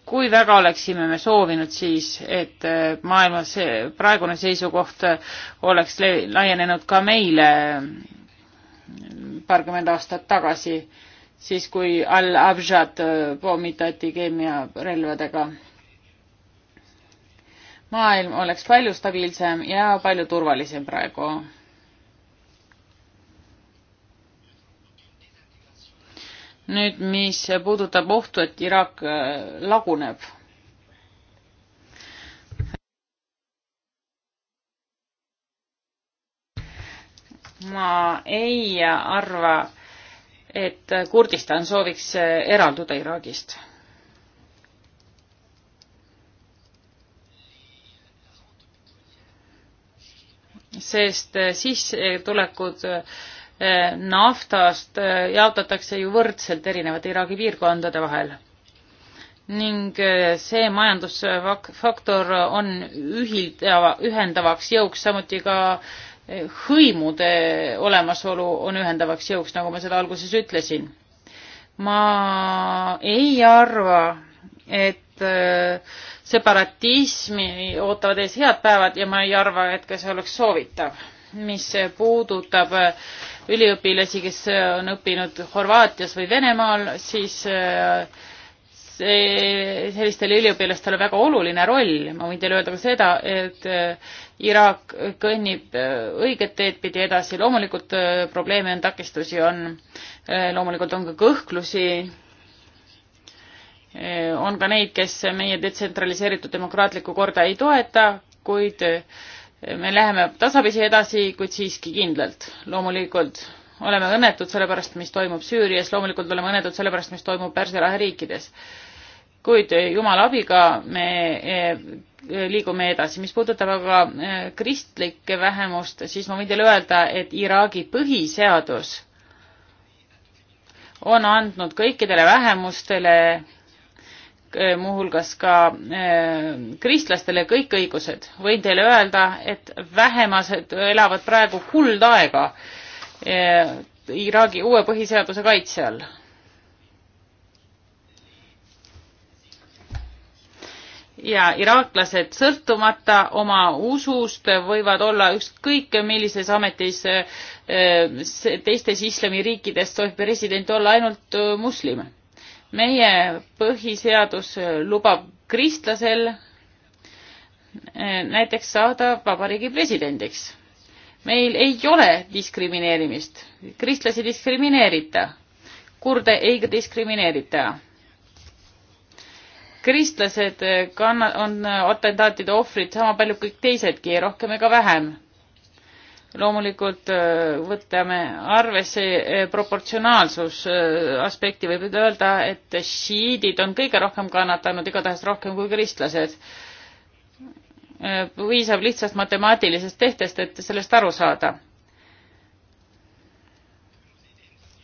[SPEAKER 2] kui väga oleksime me soovinud siis, et äh, maailmas praegune seisukoht oleks laienenud ka meile paarkümmend aastat tagasi, siis kui Al-Abjad äh, pommitati keemiarelvadega. maailm oleks palju stabiilsem ja palju turvalisem praegu. nüüd, mis puudutab ohtu, et Iraak äh, laguneb ma ei arva, et Kurdistan sooviks eralduda Iraagist. sest sissetulekud eh, naftast eh, jaotatakse ju võrdselt erinevate Iraagi piirkondade vahel ning eh, see majandusfaktor on ühildava, ühendavaks jõuks samuti ka hõimude olemasolu on ühendavaks jõuks, nagu ma seda alguses ütlesin. ma ei arva, et äh, separatismi ootavad ees head päevad ja ma ei arva, et ka see oleks soovitav. mis puudutab äh, üliõpilasi, kes on õppinud Horvaatias või Venemaal, siis äh, sellistel üliõpilastel on väga oluline roll, ma võin teile öelda ka seda, et äh, Iraak kõnnib äh, õiget teed pidi edasi, loomulikult äh, probleeme on, takistusi on, loomulikult on ka kõhklusi, on ka neid, kes meie detsentraliseeritud demokraatlikku korda ei toeta, kuid me läheme tasapisi edasi, kuid siiski kindlalt, loomulikult oleme õnnetud selle pärast, mis toimub Süürias, loomulikult oleme õnnetud selle pärast, mis toimub Pärsia lahe riikides kuid Jumala abiga me eh, liigume edasi. mis puudutab aga eh, kristlikke vähemust, siis ma võin teile öelda, et Iraagi põhiseadus on andnud kõikidele vähemustele eh, muuhulgas ka kristlastele kõik õigused. võin teile öelda, et vähemased elavad praegu kuldaega Iraagi uue põhiseaduse kaitse all ja iraaklased sõltumata oma usust võivad olla ükskõik millises ametis eh, teistes islamiriikides tohib president olla ainult eh, moslem. meie põhiseadus lubab kristlasel eh, näiteks saada vabariigi presidendiks. meil ei ole diskrimineerimist, kristlasi diskrimineerita, kurde ei diskrimineerita kristlased eh, kanna-, on eh, atentaatide ohvrid sama palju kui teisedki, rohkem ega vähem. loomulikult eh, võtame arvesse proportsionaalsus aspekti, võib öelda, et šiidid on kõige rohkem kannatanud, igatahes rohkem kui kristlased. piisab lihtsast matemaatilisest tehtest, et sellest aru saada.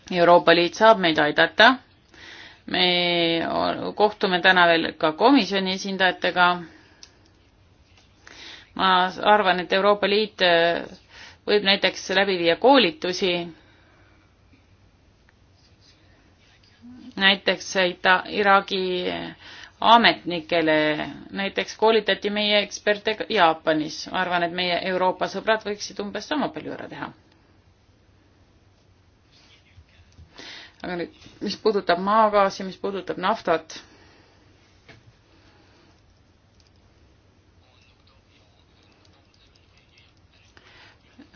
[SPEAKER 2] Euroopa Liit saab meid aidata me kohtume täna veel ka komisjoni esindajatega. ma arvan, et Euroopa Liit äh, võib näiteks läbi viia koolitusi näiteks Ita-, Iraagi ametnikele, näiteks koolitati meie eksperte Jaapanis, ma arvan, et meie Euroopa sõbrad võiksid umbes sama palju ära teha aga nüüd, mis puudutab maagaasi, mis puudutab naftat,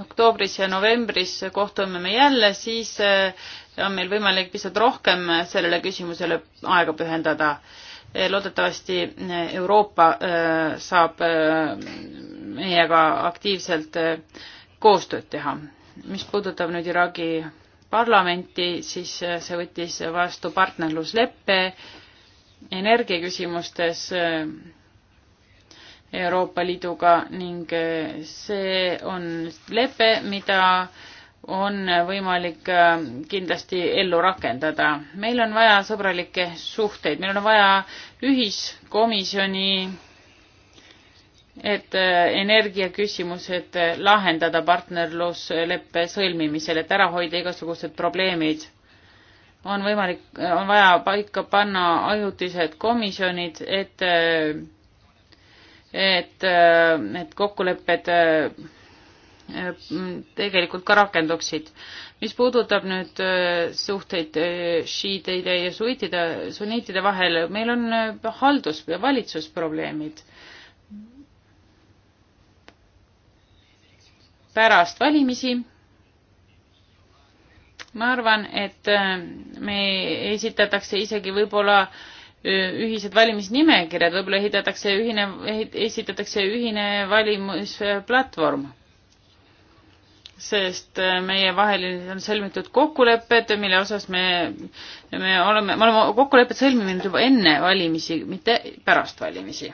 [SPEAKER 2] oktoobris ja novembris kohtume me jälle, siis eh, on meil võimalik pisut rohkem sellele küsimusele aega pühendada. Eh, loodetavasti eh, Euroopa saab meiega aktiivselt koostööd teha. mis puudutab nüüd Iraagi parlamenti, siis äh, see võttis vastu partnerlusleppe energiaküsimustes äh, Euroopa Liiduga ning äh, see on lepe, mida on võimalik kindlasti ellu rakendada. meil on vaja sõbralikke suhteid, meil on vaja ühiskomisjoni et äh, energiaküsimused äh, lahendada partnerlusleppe sõlmimisel, et ära hoida igasugused probleemid. on võimalik, äh, on vaja paika panna ajutised komisjonid, et, et need kokkulepped tegelikult ka rakenduksid. mis puudutab nüüd suhteid šiiteide ja suitide, sunniitide vahel, meil on haldus- ja valitsusprobleemid pärast valimisi. ma arvan, et äh, me esitatakse isegi võib-olla äh, ühised valimisnimekirjad, võib-olla ehitatakse ühine, esitatakse ühine valimisplatvorm. sest äh, meie vahel on sõlmitud kokkulepped, mille osas me, me oleme, me oleme kokkulepped sõlminud juba enne valimisi, mitte pärast valimisi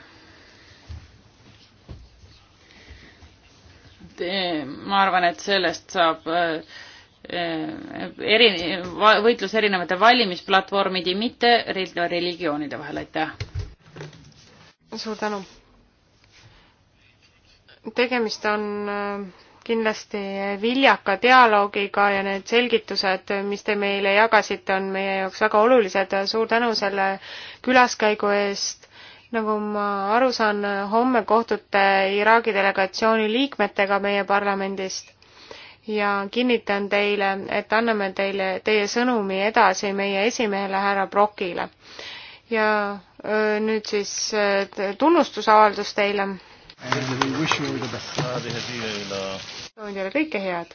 [SPEAKER 2] Eh, ma arvan, et sellest saab eh, eri, võitlus erinevate valimisplatvormide, mitte religioonide vahel,
[SPEAKER 5] aitäh! suur tänu! tegemist on eh, kindlasti viljaka dialoogiga ja need selgitused, mis te meile jagasite, on meie jaoks väga olulised. suur tänu selle külaskäigu eest nagu ma aru saan, homme kohtute Iraagi delegatsiooni liikmetega meie parlamendist ja kinnitan teile, et anname teile teie sõnumi edasi meie esimehele härra Brokile. ja nüüd siis tunnustusavaldus teile. soovin teile kõike head.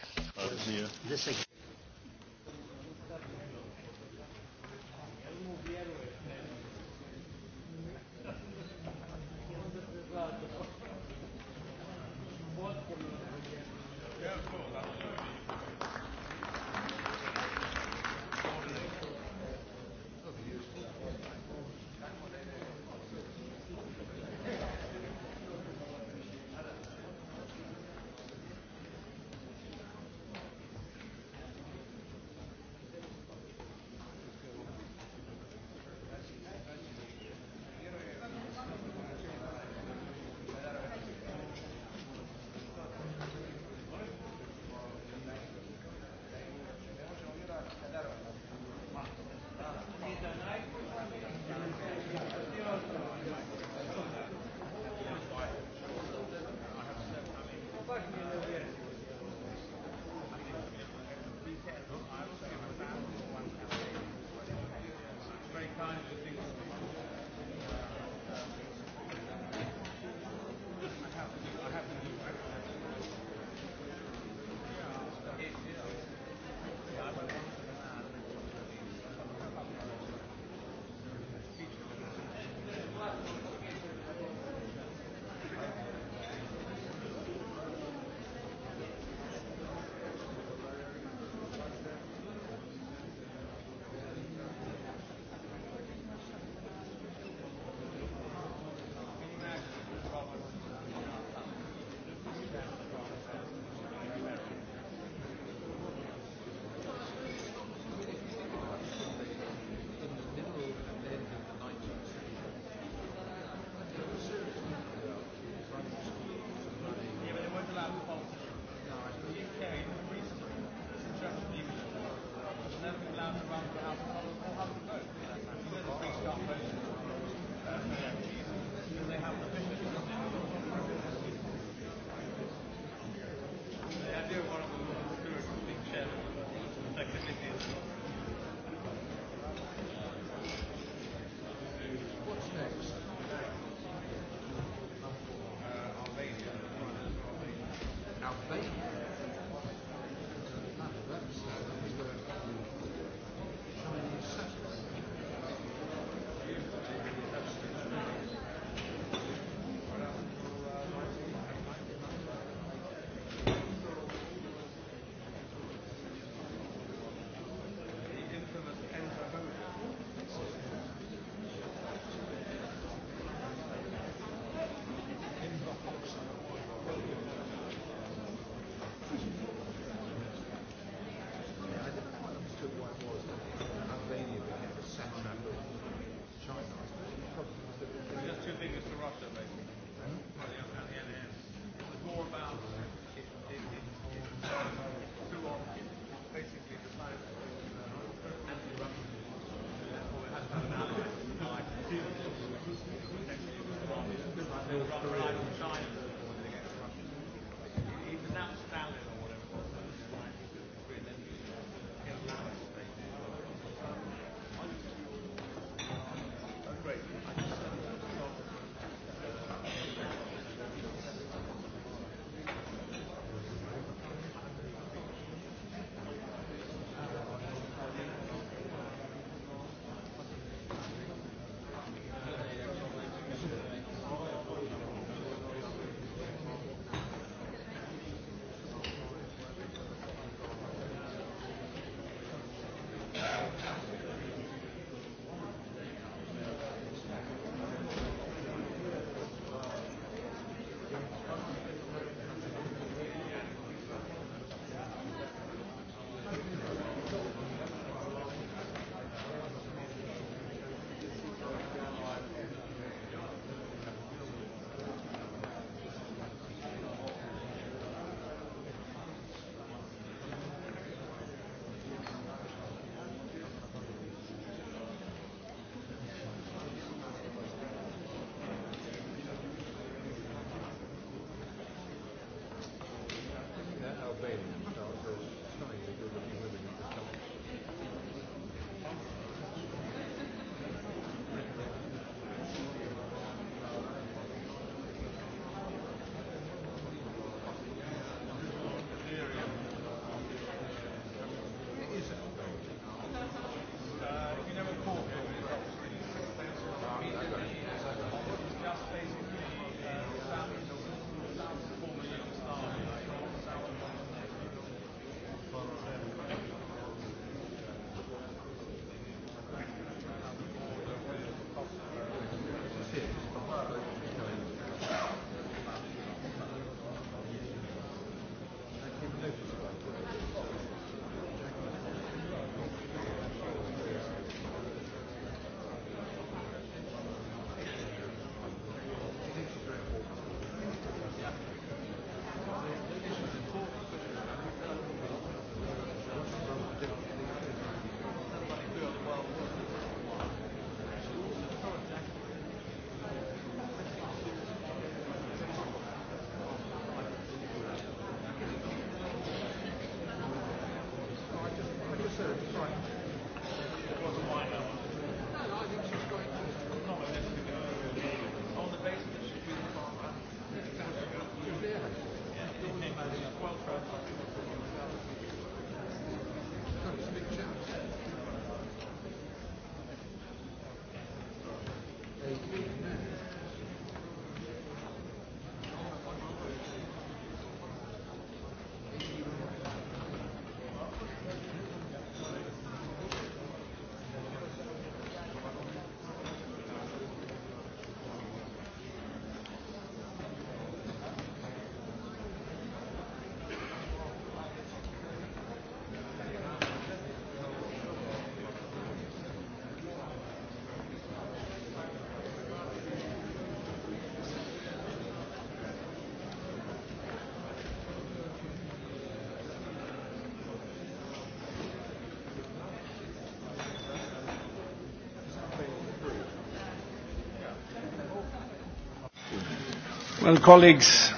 [SPEAKER 1] Well, colleagues,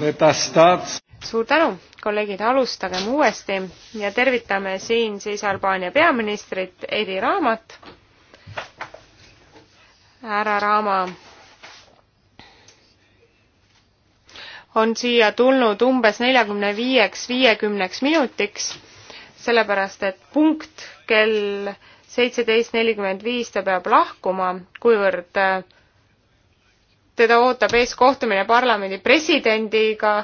[SPEAKER 1] let us start.
[SPEAKER 5] suur tänu, kolleegid, alustagem uuesti ja tervitame siin siis Albaania peaministrit Edi Raamat. härra Raama on siia tulnud umbes neljakümne viieks, viiekümneks minutiks, sellepärast et punkt kell seitseteist nelikümmend viis ta peab lahkuma, kuivõrd äh, teda ootab ees kohtumine parlamendi presidendiga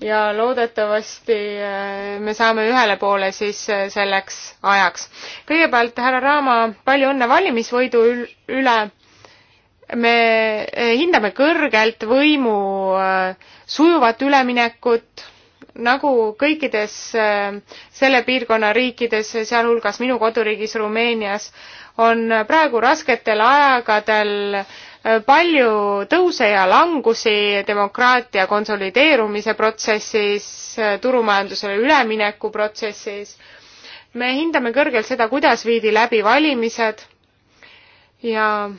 [SPEAKER 5] ja loodetavasti äh, me saame ühele poole siis äh, selleks ajaks. kõigepealt, härra Raama, palju õnne valimisvõidu üle. me äh, hindame kõrgelt võimu sujuvat üleminekut nagu kõikides selle piirkonna riikides, sealhulgas minu koduriigis Rumeenias, on praegu rasketel aegadel palju tõuse ja langusi demokraatia konsolideerumise protsessis, turumajandusele ülemineku protsessis. me hindame kõrgelt seda, kuidas viidi läbi valimised ja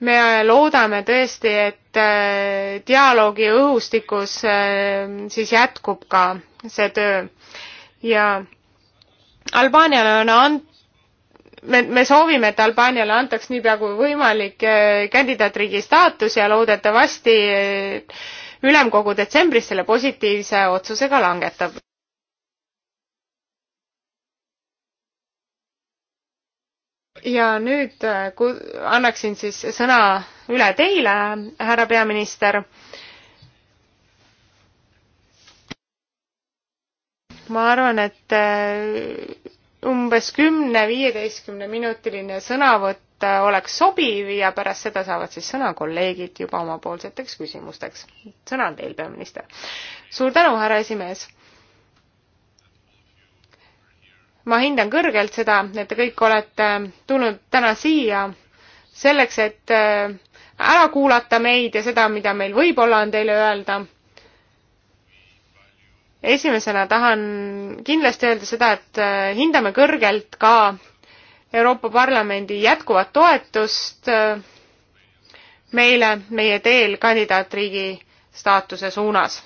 [SPEAKER 5] me loodame tõesti, et äh, dialoogi õhustikus äh, siis jätkub ka see töö ja Albaaniale on ant-, me, me soovime, et Albaaniale antaks niipea kui võimalik eh, kandidaatriigi staatus ja loodetavasti eh, ülemkogu detsembris selle positiivse otsusega langetab. ja nüüd eh, annaksin siis sõna üle teile, härra peaminister ma arvan, et umbes kümne-viieteistkümne minutiline sõnavõtt äh, oleks sobiv ja pärast seda saavad siis sõna kolleegid juba omapoolseteks küsimusteks. sõna on teil, peaminister. suur tänu, härra esimees. ma hindan kõrgelt seda, et te kõik olete tulnud täna siia selleks, et äh, ära kuulata meid ja seda, mida meil võib-olla on teile öelda esimesena tahan kindlasti öelda seda, et äh, hindame kõrgelt ka Euroopa Parlamendi jätkuvat toetust äh, meile, meie teel kandidaatriigi staatuse suunas.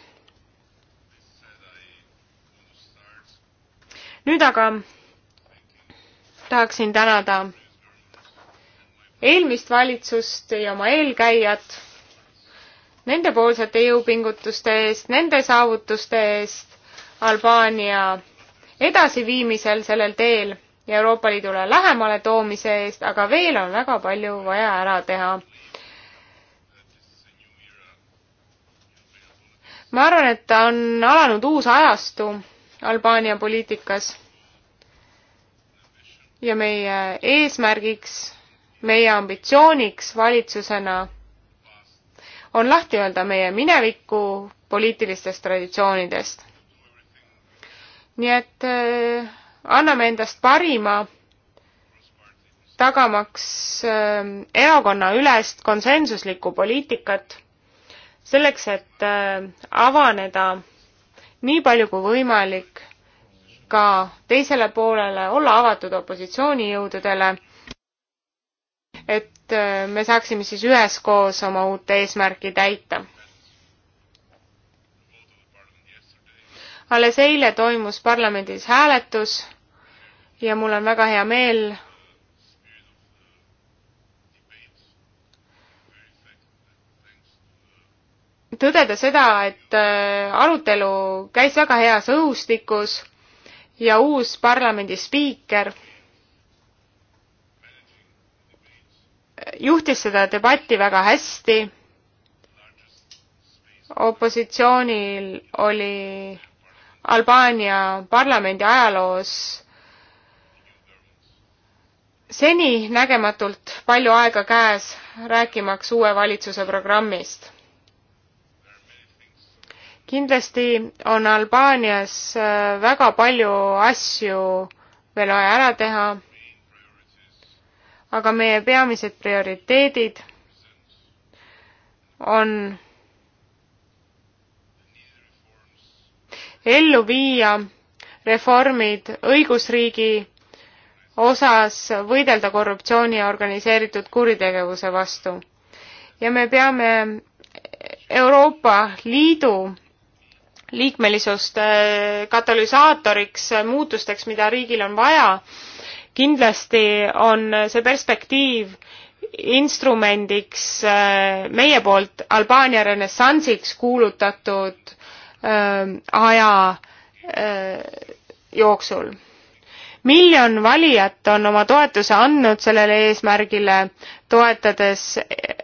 [SPEAKER 5] nüüd aga tahaksin tänada eelmist valitsust ja oma eelkäijat nendepoolsete jõupingutuste eest, nende saavutuste eest Albaania edasiviimisel sellel teel ja Euroopa Liidule lähemale toomise eest, aga veel on väga palju vaja ära teha. ma arvan, et on alanud uus ajastu Albaania poliitikas ja meie eesmärgiks, meie ambitsiooniks valitsusena on lahti öelda meie mineviku poliitilistest traditsioonidest. nii et äh, anname endast parima, tagamaks äh, erakonnaülest konsensuslikku poliitikat, selleks et äh, avaneda nii palju kui võimalik ka teisele poolele, olla avatud opositsioonijõududele et äh, me saaksime siis üheskoos oma uut eesmärki täita. alles eile toimus parlamendis hääletus ja mul on väga hea meel tõdeda seda, et äh, arutelu käis väga heas õhustikus ja uus parlamendi spiiker juhtis seda debatti väga hästi. opositsioonil oli Albaania parlamendi ajaloos seni nägematult palju aega käes, rääkimaks uue valitsuse programmist. kindlasti on Albaanias äh, väga palju asju veel vaja ära teha aga meie peamised prioriteedid on ellu viia reformid õigusriigi osas võidelda korruptsiooni ja organiseeritud kuritegevuse vastu. ja me peame Euroopa Liidu liikmelisust äh, katalüsaatoriks äh, muutusteks, mida riigil on vaja kindlasti on see perspektiiv instrumendiks äh, meie poolt Albaania renessansiks kuulutatud ähm, aja äh, jooksul miljon valijat on oma toetuse andnud sellele eesmärgile, toetades äh,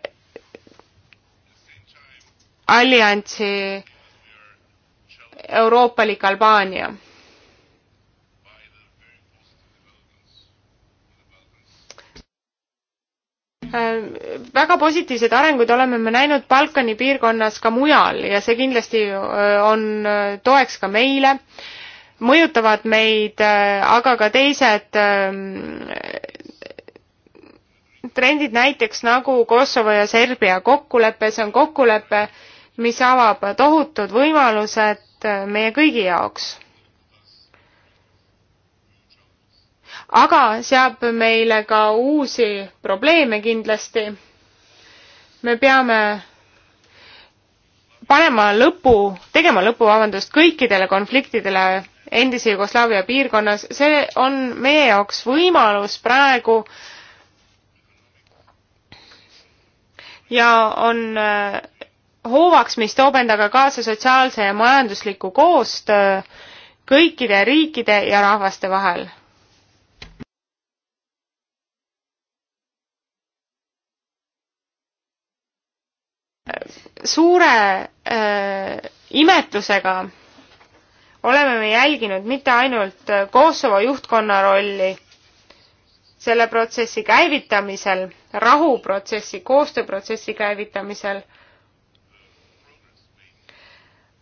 [SPEAKER 5] alliansi Euroopalik Albaania Äh, väga positiivseid arenguid oleme me näinud Balkani piirkonnas ka mujal ja see kindlasti äh, on äh, toeks ka meile. mõjutavad meid aga ka teised ähm, trendid, näiteks nagu Kosovo ja Serbia kokkulepe, see on kokkulepe, mis avab tohutud võimalused meie kõigi jaoks aga seab meile ka uusi probleeme kindlasti. me peame panema lõpu, tegema lõpu, vabandust, kõikidele konfliktidele endise Jugoslaavia piirkonnas, see on meie jaoks võimalus praegu ja on äh, hoovaks, mis toob endaga kaasa sotsiaalse ja majandusliku koostöö kõikide riikide ja rahvaste vahel. suure äh, imetlusega oleme me jälginud mitte ainult äh, Kosovo juhtkonna rolli selle protsessi käivitamisel, rahuprotsessi, koostööprotsessi käivitamisel,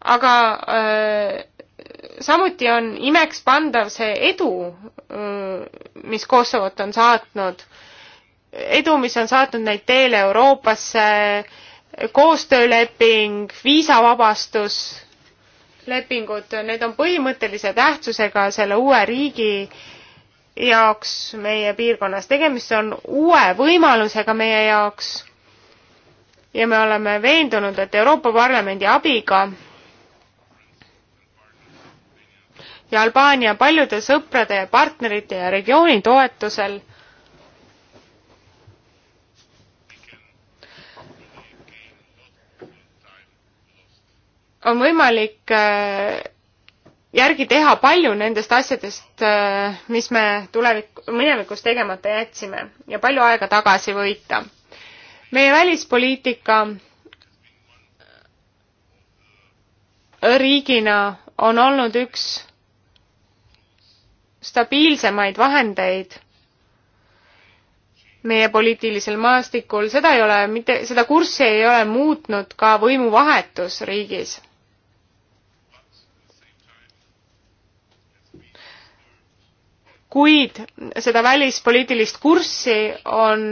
[SPEAKER 5] aga äh, samuti on imekspandav see edu, äh, mis Kosovot on saatnud, edu, mis on saatnud neid teele Euroopasse äh,, koostööleping, viisavabastus, lepingud, need on põhimõttelise tähtsusega selle uue riigi jaoks meie piirkonnas. tegemist on uue võimalusega meie jaoks ja me oleme veendunud, et Euroopa Parlamendi abiga ja Albaania paljude sõprade ja partnerite ja regiooni toetusel on võimalik äh, järgi teha palju nendest asjadest, äh, mis me tulevik-, minevikus tegemata jätsime ja palju aega tagasi võita. meie välispoliitika riigina on olnud üks stabiilsemaid vahendeid meie poliitilisel maastikul, seda ei ole mitte, seda kurssi ei ole muutnud ka võimuvahetus riigis kuid seda välispoliitilist kurssi on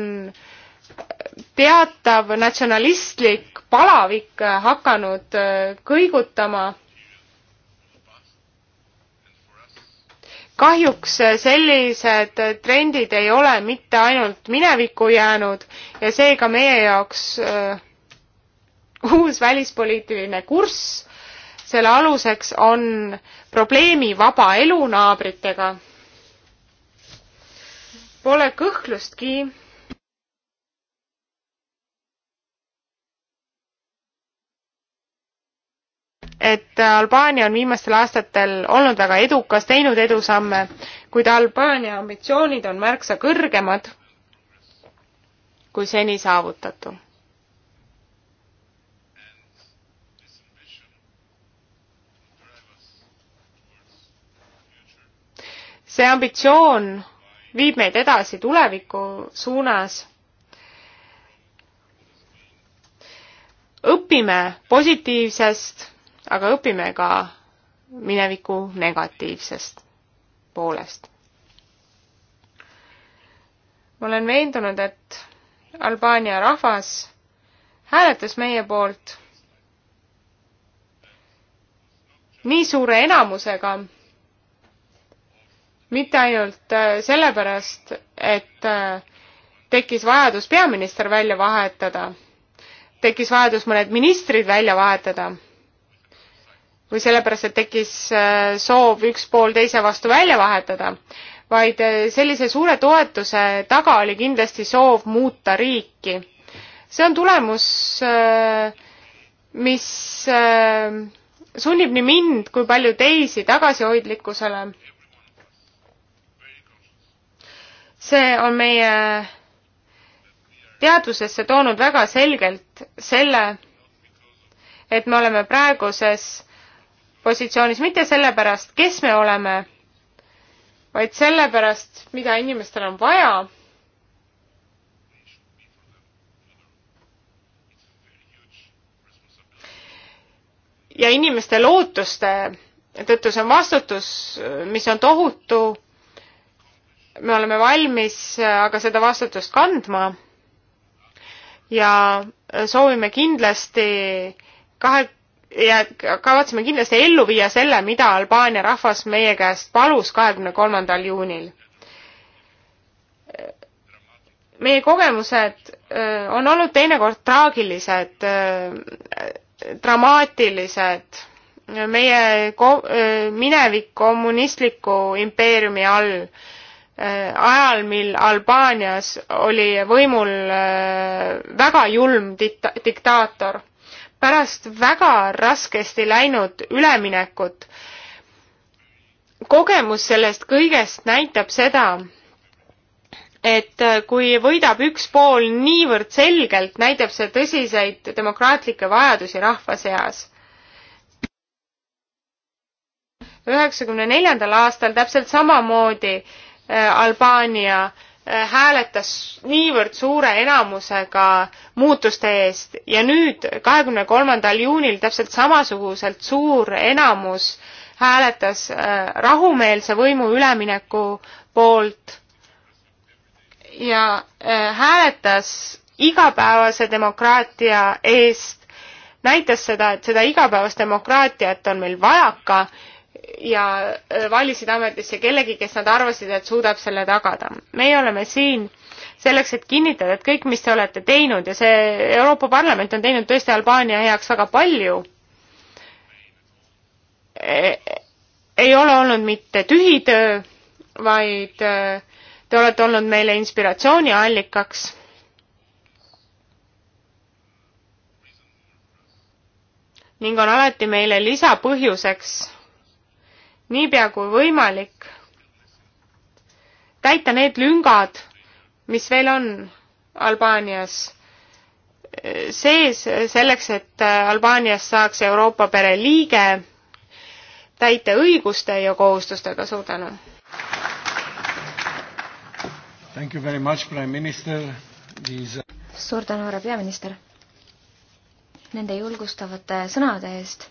[SPEAKER 5] teatav natsionalistlik palavik hakanud äh, kõigutama. kahjuks sellised trendid ei ole mitte ainult minevikku jäänud ja seega meie jaoks äh, uus välispoliitiline kurss, selle aluseks on probleemivaba elu naabritega Pole kõhklustki, et Albaania on viimastel aastatel olnud väga edukas, teinud edusamme, kuid Albaania ambitsioonid on märksa kõrgemad kui seni saavutatu. see ambitsioon viib meid edasi tuleviku suunas. õpime positiivsest, aga õpime ka mineviku negatiivsest poolest. ma olen veendunud, et Albaania rahvas hääletas meie poolt nii suure enamusega mitte ainult äh, sellepärast, et äh, tekkis vajadus peaminister välja vahetada, tekkis vajadus mõned ministrid välja vahetada või sellepärast, et tekkis äh, soov üks pool teise vastu välja vahetada, vaid sellise suure toetuse taga oli kindlasti soov muuta riiki. see on tulemus, mis sunnib nii mind kui palju teisi tagasihoidlikkusele see on meie teadvusesse toonud väga selgelt selle, et me oleme praeguses positsioonis mitte sellepärast, kes me oleme, vaid sellepärast, mida inimestel on vaja. ja inimeste lootuste tõttu see on vastutus, mis on tohutu me oleme valmis äh, aga seda vastutust kandma ja äh, soovime kindlasti kahe ja kavatseme kindlasti ellu viia selle, mida Albaania rahvas meie käest palus kahekümne kolmandal juunil. meie kogemused äh, on olnud teinekord traagilised, dramaatilised, meie ko-, minevik kommunistliku impeeriumi all Äh, ajal, mil Albaanias oli võimul äh, väga julm dita-, diktaator. pärast väga raskesti läinud üleminekut kogemus sellest kõigest näitab seda, et äh, kui võidab üks pool niivõrd selgelt, näitab see tõsiseid demokraatlikke vajadusi rahva seas üheksakümne neljandal aastal täpselt samamoodi Äh, Albaania äh, hääletas niivõrd suure enamusega muutuste eest ja nüüd, kahekümne kolmandal juunil täpselt samasuguselt suur enamus hääletas äh, rahumeelse võimu ülemineku poolt ja hääletas igapäevase demokraatia eest, näitas seda, et seda igapäevast demokraatiat on meil vajaka ja äh, valisid ametisse kellegi, kes nad arvasid, et suudab selle tagada. meie oleme siin selleks, et kinnitada, et kõik, mis te olete teinud ja see Euroopa Parlament on teinud tõesti Albaania heaks väga palju, e, ei ole olnud mitte tühi töö, vaid äh, te olete olnud meile inspiratsiooniallikaks ning on alati meile lisapõhjuseks niipea kui võimalik täita need lüngad, mis veel on Albaanias sees, selleks et Albaaniast saaks Euroopa pere liige, täita õiguste ja kohustustega, suur tänu!
[SPEAKER 1] These...
[SPEAKER 3] suur tänu, härra peaminister, nende julgustavate sõnade eest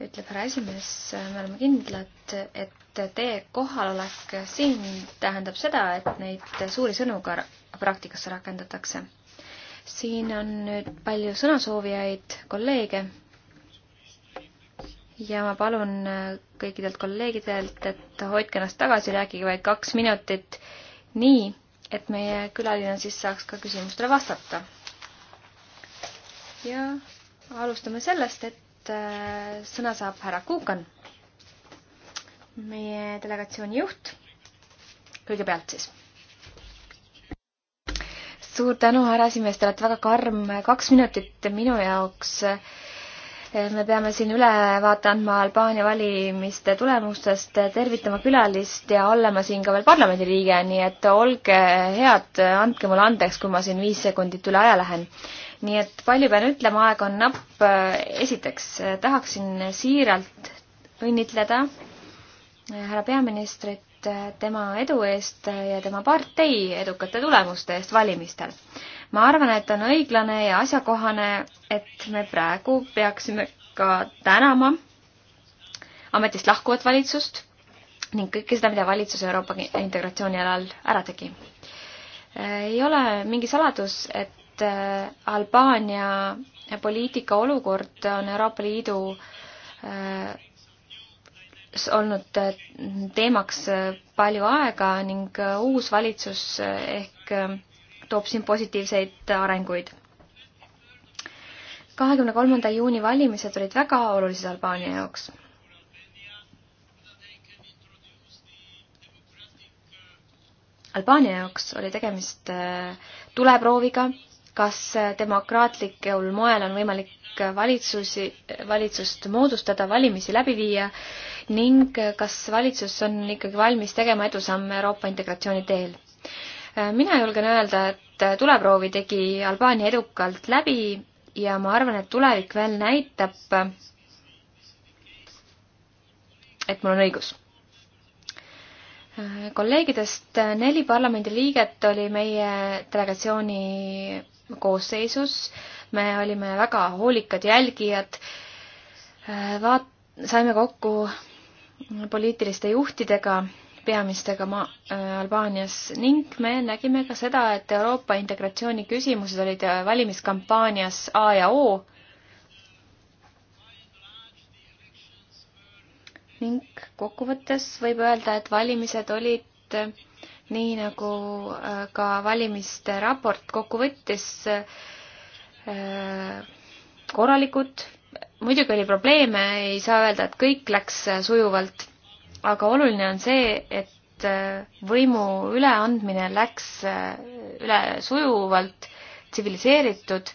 [SPEAKER 3] ütleb härra esimees, me oleme kindlad, et teie kohalolek siin tähendab seda, et neid suuri sõnu ka praktikasse rakendatakse. siin on nüüd palju sõnasoovijaid, kolleege ja ma palun kõikidelt kolleegidelt, et hoidke ennast tagasi, rääkige vaid kaks minutit, nii et meie külaline siis saaks ka küsimustele vastata. ja alustame sellest, et nüüd äh, sõna saab härra Kuukan, meie delegatsiooni juht, kõigepealt siis. suur tänu, härra esimees, te olete väga karm, kaks minutit minu jaoks äh, me peame siin ülevaate andma Albaania valimiste tulemustest, tervitama külalist ja olema siin ka veel parlamendiliige, nii et olge head, andke mulle andeks, kui ma siin viis sekundit üle aja lähen. nii et palju pean ütlema, aeg on napp. esiteks tahaksin siiralt õnnitleda härra peaministrit tema edu eest ja tema partei edukate tulemuste eest valimistel ma arvan, et on õiglane ja asjakohane, et me praegu peaksime ka tänama ametist lahkuvat valitsust ning kõike seda, mida valitsus Euroopa integratsiooni alal ära tegi. ei ole mingi saladus, et äh, Albaania poliitika olukord on Euroopa Liidu äh, olnud äh, teemaks palju aega ning uus valitsus ehk toob siin positiivseid arenguid. kahekümne kolmanda juuni valimised olid väga olulised Albaania jaoks Albaania jaoks oli tegemist äh, tuleprooviga, kas demokraatlikul moel on võimalik valitsusi, valitsust moodustada, valimisi läbi viia ning kas valitsus on ikkagi valmis tegema edusamme Euroopa integratsiooni teel. Äh, mina julgen öelda, et äh, tuleproovi tegi Albaania edukalt läbi ja ma arvan, et tulevik veel näitab, äh, et mul on õigus. kolleegidest neli parlamendiliiget oli meie delegatsiooni koosseisus, me olime väga hoolikad jälgijad, vaat-, saime kokku poliitiliste juhtidega peamistega ma-, äh, Albaanias ning me nägime ka seda, et Euroopa integratsiooni küsimused olid äh, valimiskampaanias A ja O ning kokkuvõttes võib öelda, et valimised olid äh, nii, nagu ka valimiste raport kokku võttis, korralikud. muidugi oli probleeme, ei saa öelda, et kõik läks sujuvalt aga oluline on see, et äh, võimu üleandmine läks äh, üle sujuvalt, tsiviliseeritud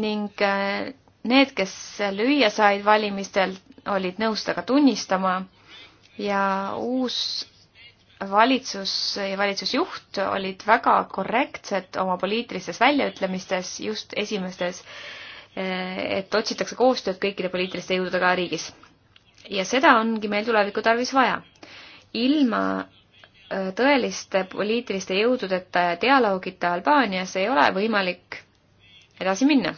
[SPEAKER 3] ning äh, need, kes lüüa said valimistel, olid nõus seda ka tunnistama ja uus valitsus ja valitsusjuht olid väga korrektsed oma poliitilistes väljaütlemistes just esimestes, et otsitakse koostööd kõikide poliitiliste jõududega riigis ja seda ongi meil tuleviku tarvis vaja. ilma äh, tõeliste poliitiliste jõududeta ja dialoogita Albaanias ei ole võimalik edasi minna.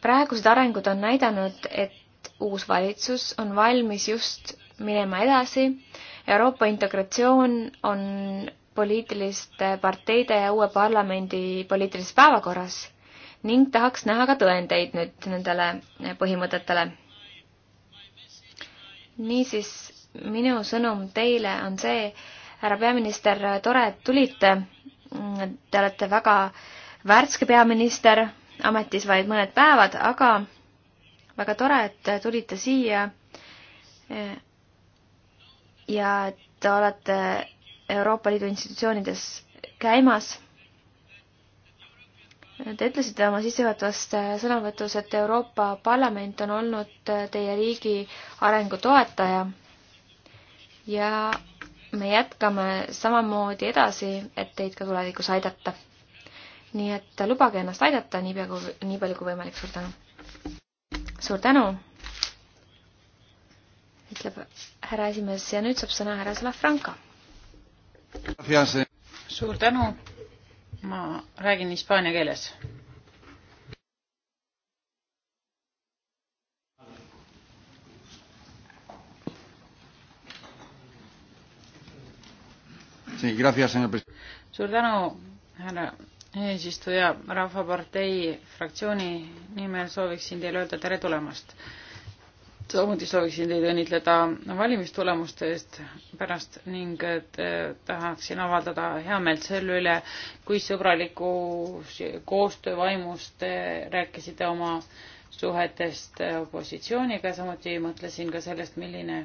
[SPEAKER 3] praegused arengud on näidanud, et uus valitsus on valmis just minema edasi. Euroopa integratsioon on poliitiliste parteide ja uue parlamendi poliitilises päevakorras ning tahaks näha ka tõendeid nüüd nendele põhimõtetele niisiis, minu sõnum teile on see, härra peaminister, tore, et tulite. Te olete väga värske peaminister, ametis vaid mõned päevad, aga väga tore, et tulite siia. ja te olete Euroopa Liidu institutsioonides käimas Te ütlesite oma sissejuhatavast äh, sõnavõtus, et Euroopa Parlament on olnud äh, teie riigi arengu toetaja ja me jätkame samamoodi edasi, et teid ka tulevikus aidata. nii et lubage ennast aidata niipea kui, nii palju kui võimalik, suur tänu. suur tänu, ütleb härra esimees ja nüüd saab sõna härra Slafranka.
[SPEAKER 1] Eh.
[SPEAKER 2] suur tänu ma räägin hispaania keeles. suur tänu, härra eesistuja, Rahvapartei fraktsiooni nimel sooviksin teile öelda tere tulemast samuti sooviksin teid õnnitleda valimistulemuste eest pärast ning eh, tahaksin avaldada heameelt selle üle, kui sõbralikus koostöövaimust rääkisite oma suhetest eh, opositsiooniga, samuti mõtlesin ka sellest, milline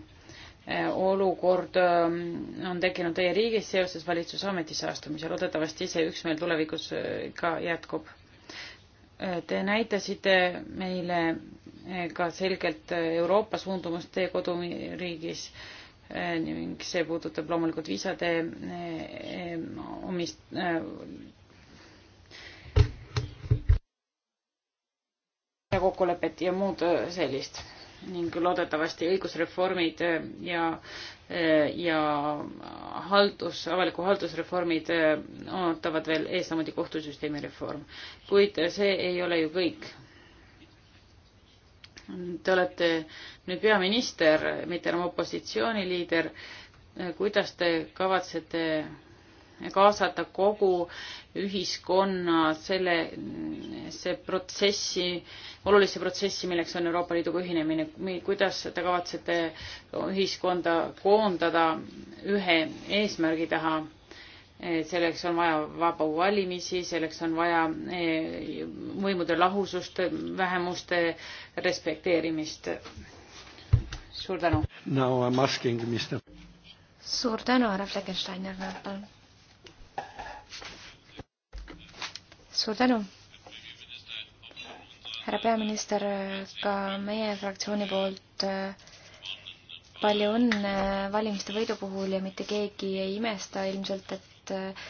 [SPEAKER 2] eh, olukord mm, on tekkinud teie riigis seoses valitsuse ametisse astumisel, loodetavasti see üksmeel tulevikus ka jätkub Te näitasite meile eh, ka selgelt eh, Euroopa suundumust teie koduriigis eh, ning see puudutab loomulikult viisade omist- kokkulepet ja muud sellist ning loodetavasti õigusreformid äh, ja, äh, ja haldus, avaliku haldusreformid äh, ootavad veel ees, samuti kohtusüsteemi reform. kuid see ei ole ju kõik. Te olete nüüd peaminister, mitte enam opositsiooniliider. kuidas te kavatsete kaasata kogu ühiskonna sellesse protsessi, olulisse protsessi, milleks on Euroopa Liiduga ühinemine, kuidas te kavatsete ühiskonda koondada ühe eesmärgi taha? selleks on vaja vabu valimisi, selleks on vaja eh, võimude lahusust, vähemuste respekteerimist. suur tänu.
[SPEAKER 3] suur tänu, härra Fleckensteiner, palun suur tänu! härra peaminister, ka meie fraktsiooni poolt äh, palju õnne valimiste võidu puhul ja mitte keegi ei imesta ilmselt, et äh,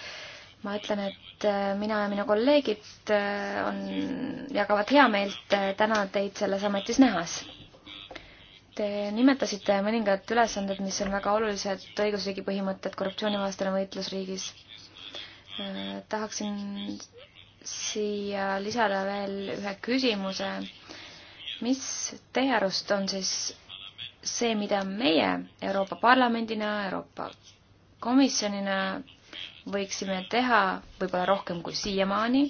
[SPEAKER 3] ma ütlen, et äh, mina ja minu kolleegid on, jagavad heameelt täna teid selles ametis nähes. Te nimetasite mõningad ülesanded, mis on väga olulised, õigusriigi põhimõtted, korruptsioonivastane võitlus riigis tahaksin siia lisada veel ühe küsimuse. mis teie arust on siis see, mida meie Euroopa Parlamendina, Euroopa Komisjonina võiksime teha võib-olla rohkem kui siiamaani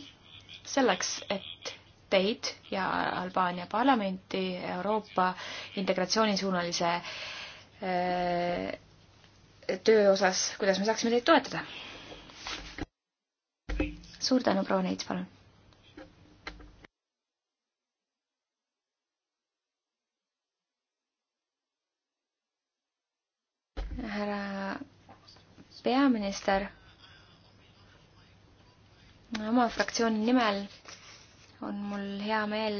[SPEAKER 3] selleks, et teid ja Albaania parlamenti Euroopa integratsioonisuunalise äh, töö osas, kuidas me saaksime teid toetada? suur tänu, proua Neits, palun. härra peaminister, oma fraktsiooni nimel on mul hea meel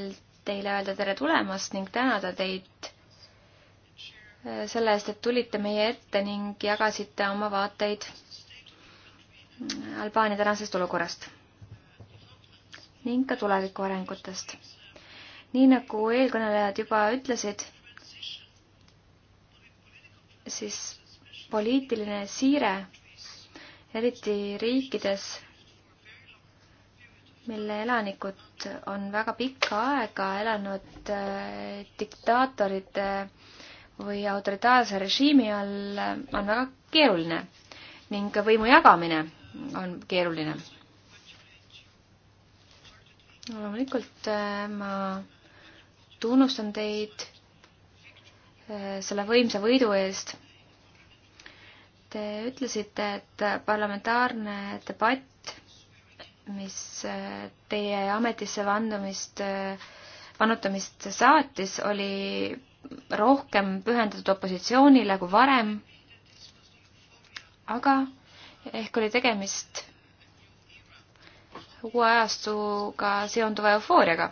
[SPEAKER 3] teile öelda tere tulemast ning tänada teid selle eest, et tulite meie ette ning jagasite oma vaateid Albaania tänasest olukorrast ning ka tuleviku arengutest. nii nagu eelkõnelejad juba ütlesid, siis poliitiline siire, eriti riikides, mille elanikud on väga pikka aega elanud äh, diktaatorite või autoritaarse režiimi all, äh, on väga keeruline ning võimu jagamine on keeruline. loomulikult äh, ma tunnustan teid äh, selle võimsa võidu eest. Te ütlesite, et parlamentaarne debatt, mis äh, teie ametisse vandumist, vannutamist saatis, oli rohkem pühendatud opositsioonile kui varem. aga ehk oli tegemist uue ajastuga seonduva eufooriaga.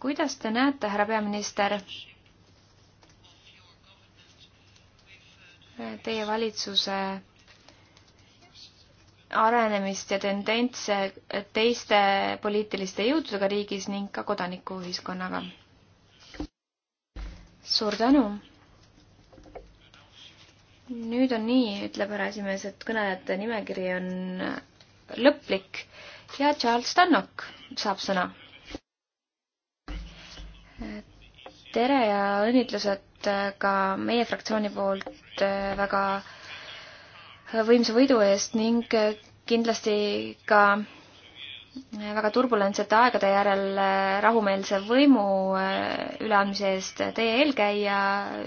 [SPEAKER 3] kuidas te näete, härra peaminister, teie valitsuse arenemist ja tendentse teiste poliitiliste jõududega riigis ning ka kodanikuühiskonnaga. suur tänu nüüd on nii, ütleb härrasimees, et kõnelejate nimekiri on lõplik ja Charles Tannock saab sõna. tere ja õnnitlused ka meie fraktsiooni poolt väga võimsa võidu eest ning kindlasti ka väga turbulentsete aegade järel rahumeelse võimu üleandmise eest. Teie eelkäija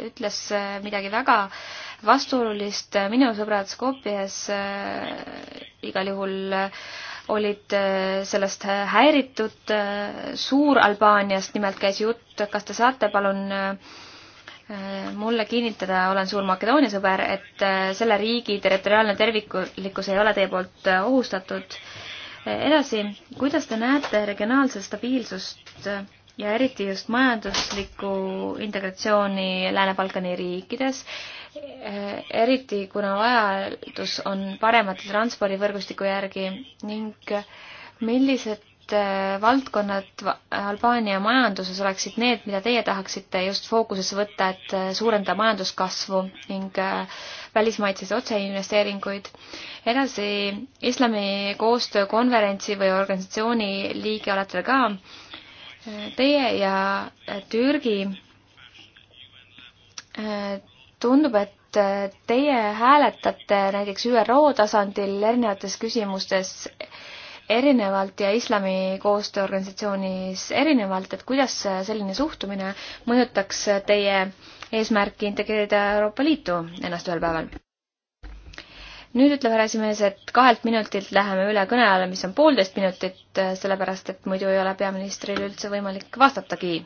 [SPEAKER 3] ütles midagi väga äh, vastuolulist. minu sõbrad Skopjes äh, igal juhul äh, olid äh, sellest häiritud. Suur-Albaaniast nimelt käis jutt, kas te saate palun mulle kinnitada, olen suur Makedoonia sõber, et selle riigi territoriaalne terviklikkus ei ole teie poolt ohustatud. edasi, kuidas te näete regionaalset stabiilsust ja eriti just majanduslikku integratsiooni Lääne-Balkani riikides eriti kuna vajadus on paremate transpordivõrgustiku järgi ning millised äh, valdkonnad Albaania majanduses oleksid need, mida teie tahaksite just fookusesse võtta, et äh, suurendada majanduskasvu ning äh, välismaitseid otseinvesteeringuid. edasi Islami koostöökonverentsi või organisatsiooni liige olete ka. Teie ja Türgi tundub, et äh, teie hääletate näiteks ÜRO tasandil erinevates küsimustes erinevalt ja islami koostööorganisatsioonis erinevalt, et kuidas selline suhtumine mõjutaks teie eesmärki integreerida Euroopa Liitu ennast ühel päeval? nüüd ütleb härra esimees, et kahelt minutilt läheme üle kõneajale, mis on poolteist minutit, sellepärast et muidu ei ole peaministril üldse võimalik vastatagi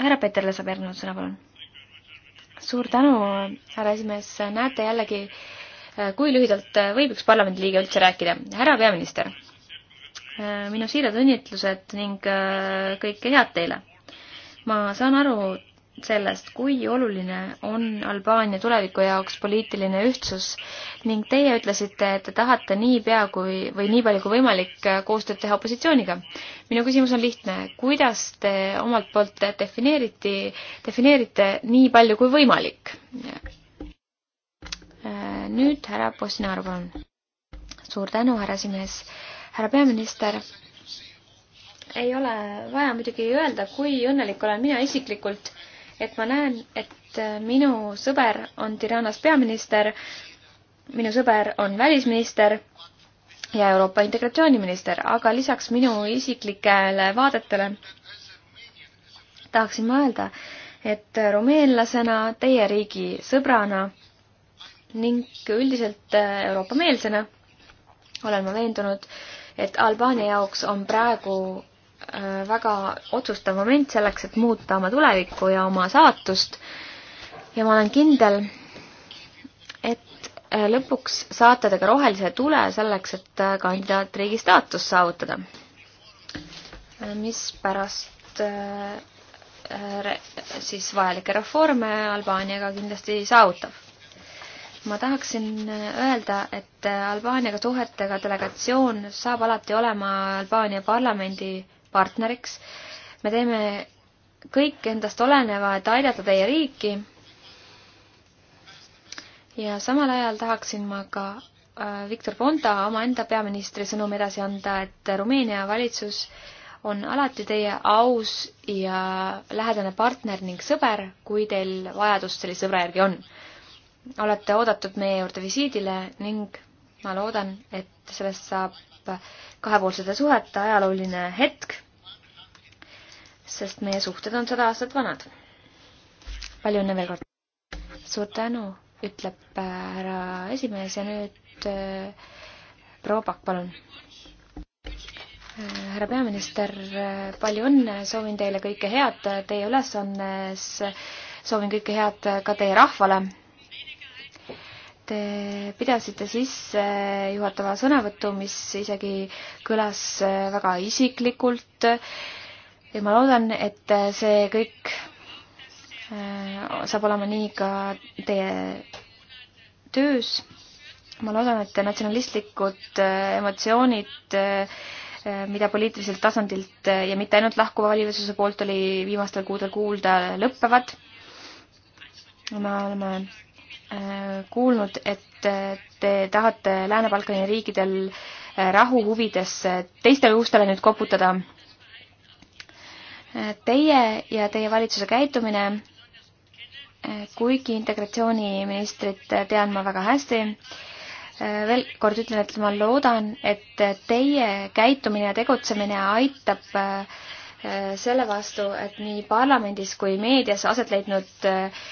[SPEAKER 3] härra Peterle saab järgnevalt sõna, palun. suur tänu, härra esimees, näete jällegi, kui lühidalt võib üks parlamendiliige üldse rääkida. härra peaminister, minu siirad õnnitlused ning kõike head teile. ma saan aru sellest, kui oluline on Albaania tuleviku jaoks poliitiline ühtsus ning teie ütlesite, et te tahate niipea kui, või nii palju kui võimalik koostööd teha opositsiooniga. minu küsimus on lihtne, kuidas te omalt poolt defineeriti, defineerite nii palju kui võimalik? Äh, nüüd härra Postinaru, palun. suur tänu, härra esimees. härra peaminister ei ole vaja muidugi öelda, kui õnnelik olen mina isiklikult, et ma näen, et minu sõber on Tiranas peaminister, minu sõber on välisminister ja Euroopa integratsiooniminister, aga lisaks minu isiklikele vaadetele tahaksin ma öelda, et rumeenlasena, teie riigi sõbrana ning üldiselt Euroopa meelsena olen ma veendunud, et Albaania jaoks on praegu Äh, väga otsustav moment selleks, et muuta oma tulevikku ja oma saatust. ja ma olen kindel, et äh, lõpuks saate te ka rohelise tule selleks, et äh, kandidaatriigi staatus saavutada. mispärast siis vajalikke reforme Albaaniaga kindlasti saavutab. ma tahaksin öelda, et Albaaniaga suhetega delegatsioon saab alati olema Albaania parlamendi partneriks. me teeme kõik endast oleneva, et aidata teie riiki. ja samal ajal tahaksin ma ka äh, Viktor Ponta omaenda peaministri sõnumi edasi anda, et Rumeenia valitsus on alati teie aus ja lähedane partner ning sõber, kui teil vajadust selle sõbra järgi on. olete oodatud meie juurde visiidile ning ma loodan, et sellest saab muudab kahepoolsete suhete ajalooline hetk, sest meie suhted on sada aastat vanad. palju õnne veel kord! suur tänu, ütleb äh, härra esimees ja nüüd äh, proua Pakk, palun! Äh, härra peaminister, palju õnne, soovin teile kõike head teie ülesannes, soovin kõike head ka teie rahvale Te pidasite sisse juhatava sõnavõttu, mis isegi kõlas äh, väga isiklikult ja ma loodan, et äh, see kõik äh, saab olema nii ka teie töös. ma loodan, et natsionalistlikud emotsioonid, mida poliitiliselt tasandilt ja mitte ainult lahkuva valitsuse poolt oli viimastel kuudel kuulda, lõppevad. me oleme kuulnud, et te tahate Lääne-Balkani riikidel eh, rahu huvides eh, teistele ustele nüüd koputada. Eh, teie ja teie valitsuse käitumine, kuigi integratsiooniministrit tean ma väga hästi, veel kord ütlen, et ma loodan, et teie käitumine ja tegutsemine aitab äh, Äh, selle vastu, et nii parlamendis kui meedias aset leidnud äh,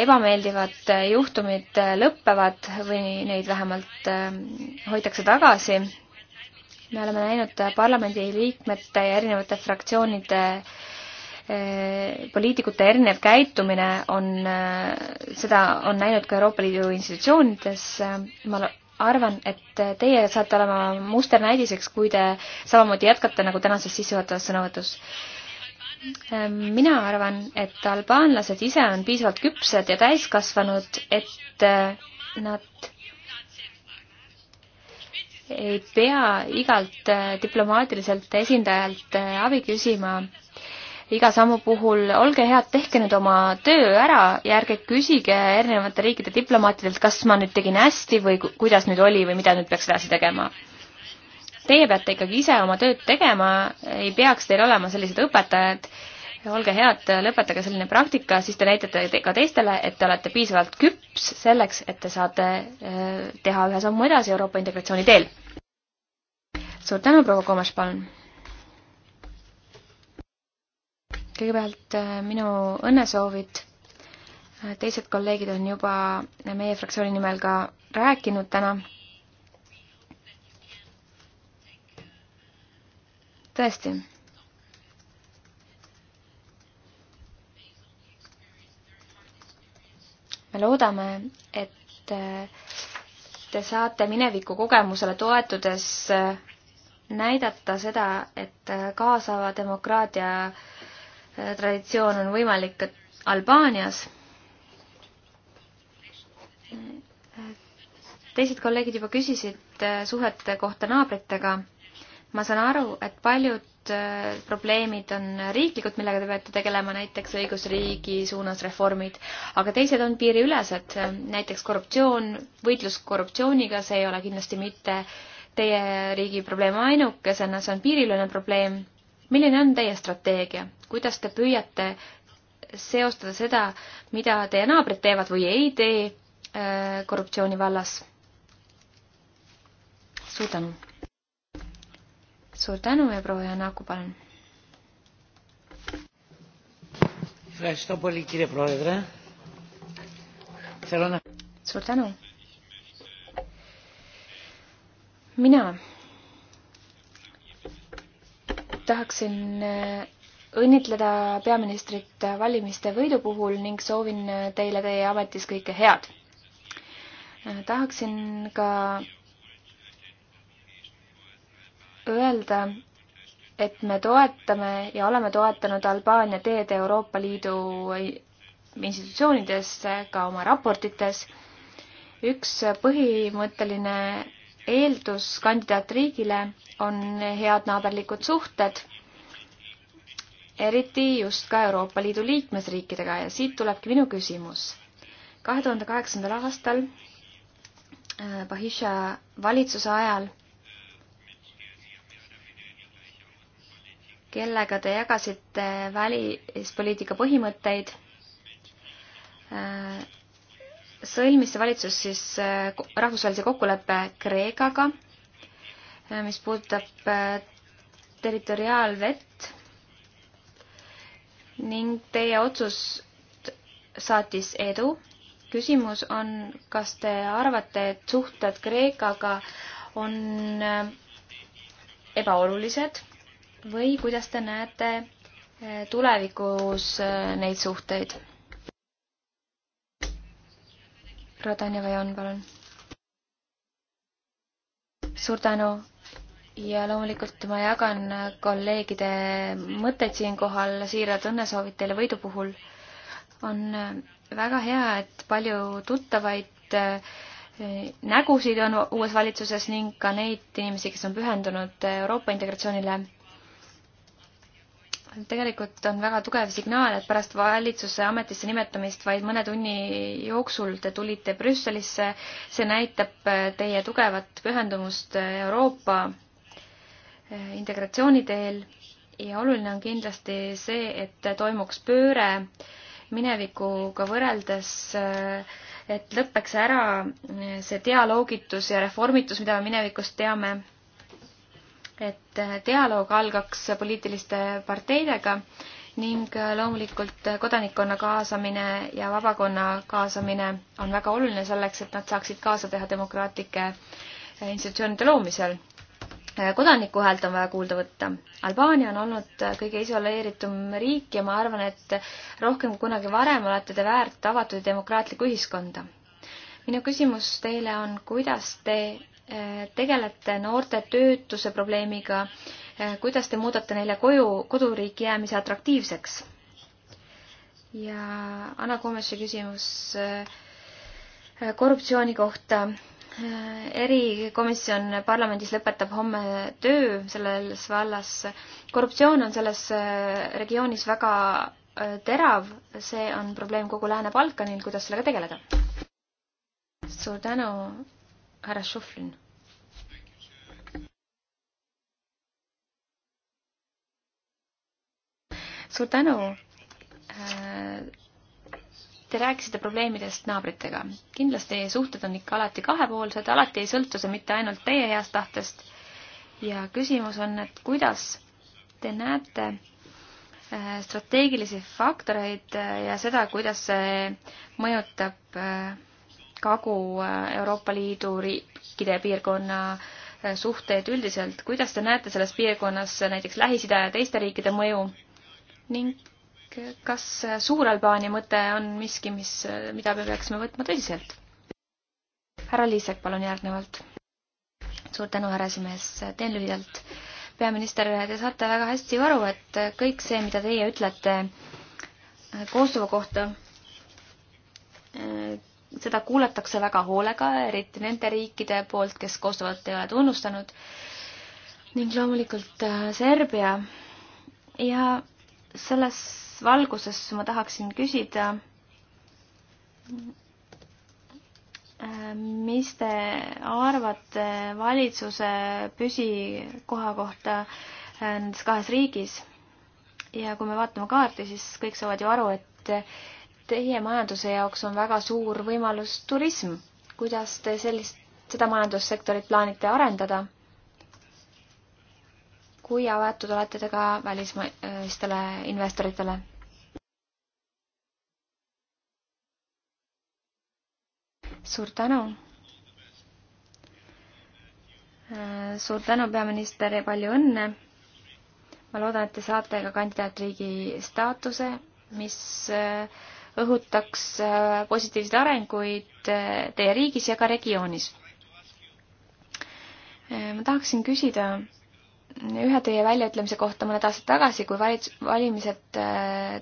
[SPEAKER 3] ebameeldivad äh, juhtumid lõpevad või neid vähemalt hoitakse tagasi. me oleme näinud parlamendiliikmete ja erinevate fraktsioonide poliitikute erinev käitumine on, seda on näinud ka Euroopa Liidu institutsioonides. ma arvan, et teie saate olema musternäidiseks, kui te samamoodi jätkate nagu tänases sissejuhatavas sõnavõtus. mina arvan, et albaanlased ise on piisavalt küpsed ja täiskasvanud, et nad ei pea igalt diplomaatiliselt esindajalt abi küsima iga sammu puhul, olge head, tehke nüüd oma töö ära ja ärge küsige erinevate riikide diplomaatidelt, kas ma nüüd tegin hästi või kuidas nüüd oli või mida nüüd peaks edasi tegema. Teie peate ikkagi ise oma tööd tegema, ei peaks teil olema sellised õpetajad, olge head, lõpetage selline praktika, siis te näitate ka teistele, et te olete piisavalt küps selleks, et te saate eh, teha ühe sammu edasi Euroopa integratsiooni teel. suur tänu, proua Komas, palun kõigepealt äh, minu õnnesoovid. Äh, teised kolleegid on juba meie fraktsiooni nimel ka rääkinud täna. tõesti. me loodame, et äh, te saate mineviku kogemusele toetudes näidata seda, et kaasava demokraatia äh, Äh, traditsioon on võimalik ka Albaanias. Äh, teised kolleegid juba küsisid äh, suhete kohta naabritega. ma saan aru, et paljud probleemid on riiklikud, millega te peate tegelema, näiteks õigusriigi suunas reformid, aga teised on piiriülesed, näiteks korruptsioon, võitlus korruptsiooniga, see ei ole kindlasti mitte teie riigi probleem ainukesena, see on piiriülene probleem milline on teie strateegia, kuidas te püüate seostada seda, mida teie naabrid teevad või ei tee äh, korruptsiooni vallas? suur tänu. suur tänu ja proua Janaku, palun. suur tänu. mina tahaksin äh, õnnitleda peaministrit valimiste võidu puhul ning soovin äh, teile teie ametis kõike head. Äh, tahaksin ka öelda, et me toetame ja oleme toetanud Albaania teed Euroopa Liidu institutsioonidesse ka oma raportites. üks põhimõtteline eeldus kandidaatriigile on head naaberlikud suhted, eriti just ka Euroopa Liidu liikmesriikidega ja siit tulebki minu küsimus. kahe tuhande kaheksandal aastal äh, Bahisha valitsuse ajal kellega te jagasite välispoliitika põhimõtteid. Äh, sõlmis see valitsus siis äh, rahvusvahelise kokkuleppe Kreekaga, äh, mis puudutab äh, territoriaalvett ning teie otsus saatis edu. küsimus on, kas te arvate, et suhted Kreekaga on ebaolulised või kuidas te näete tulevikus neid suhteid? proua Tanja Vajon, palun. suur tänu ja loomulikult ma jagan kolleegide mõtteid siinkohal, siirad õnnesoovid teile võidu puhul. on väga hea, et palju tuttavaid eh, nägusid on uues valitsuses ning ka neid inimesi, kes on pühendunud Euroopa integratsioonile tegelikult on väga tugev signaal, et pärast valitsuse ametisse nimetamist vaid mõne tunni jooksul te tulite Brüsselisse. see näitab eh, teie tugevat pühendumust eh, Euroopa eh, integratsiooni teel ja oluline on kindlasti see, et toimuks pööre minevikuga võrreldes, et lõpeks ära see dialoogitus ja reformitus, mida me minevikust teame et dialoog algaks poliitiliste parteidega ning loomulikult kodanikkonna kaasamine ja vabakonna kaasamine on väga oluline selleks, et nad saaksid kaasa teha demokraatlike institutsioonide loomisel. kodaniku häält on vaja kuulda võtta. Albaania on olnud kõige isoleeritum riik ja ma arvan, et rohkem kui kunagi varem olete te väärt avatud ja demokraatlikku ühiskonda. minu küsimus teile on, kuidas te Äh, tegelete noorte töötuse probleemiga, äh, kuidas te muudate neile koju, koduriiki jäämise atraktiivseks? ja Anna Komeši küsimus äh, korruptsiooni kohta. erikomisjon parlamendis lõpetab homme töö selles vallas. korruptsioon on selles regioonis väga terav, see on probleem kogu Lääne-Balkanil, kuidas sellega tegeleda? suur tänu härra Šuflin. suur tänu. Äh, te rääkisite probleemidest naabritega. kindlasti suhted on ikka alati kahepoolsed, alati ei sõltu see mitte ainult teie heast tahtest. ja küsimus on, et kuidas te näete äh, strateegilisi faktoreid äh, ja seda, kuidas see mõjutab Kagu-Euroopa Liidu riikide piirkonna eh, suhteid üldiselt, kuidas te näete selles piirkonnas näiteks Lähis-Ida ja teiste riikide mõju ning kas Suur-Albaania mõte on miski, mis, mida me peaksime võtma tõsiselt? härra Liisek, palun järgnevalt. suur tänu, härra esimees, teen lühidalt. peaminister, te saate väga hästi aru, et kõik see, mida teie ütlete eh, Kosovo kohta, eh, seda kuulatakse väga hoolega, eriti nende riikide poolt, kes Kosovot ei ole tunnustanud ning loomulikult äh, Serbia. ja selles valguses ma tahaksin küsida, äh, mis te arvate valitsuse püsikoha kohta äh, nendes kahes riigis? ja kui me vaatame kaarti, siis kõik saavad ju aru, et teie majanduse jaoks on väga suur võimalus turism. kuidas te sellist, seda majandussektorit plaanite arendada? kui avatud olete te ka välismaistele investoritele? suur tänu! suur tänu, peaminister, ja palju õnne! ma loodan, et te saate ka kandidaatriigi staatuse, mis äh, õhutaks äh, positiivseid arenguid äh, teie riigis ja ka regioonis. Äh, ma tahaksin küsida ühe teie väljaütlemise kohta mõned aastad tagasi, kui valits-, valimised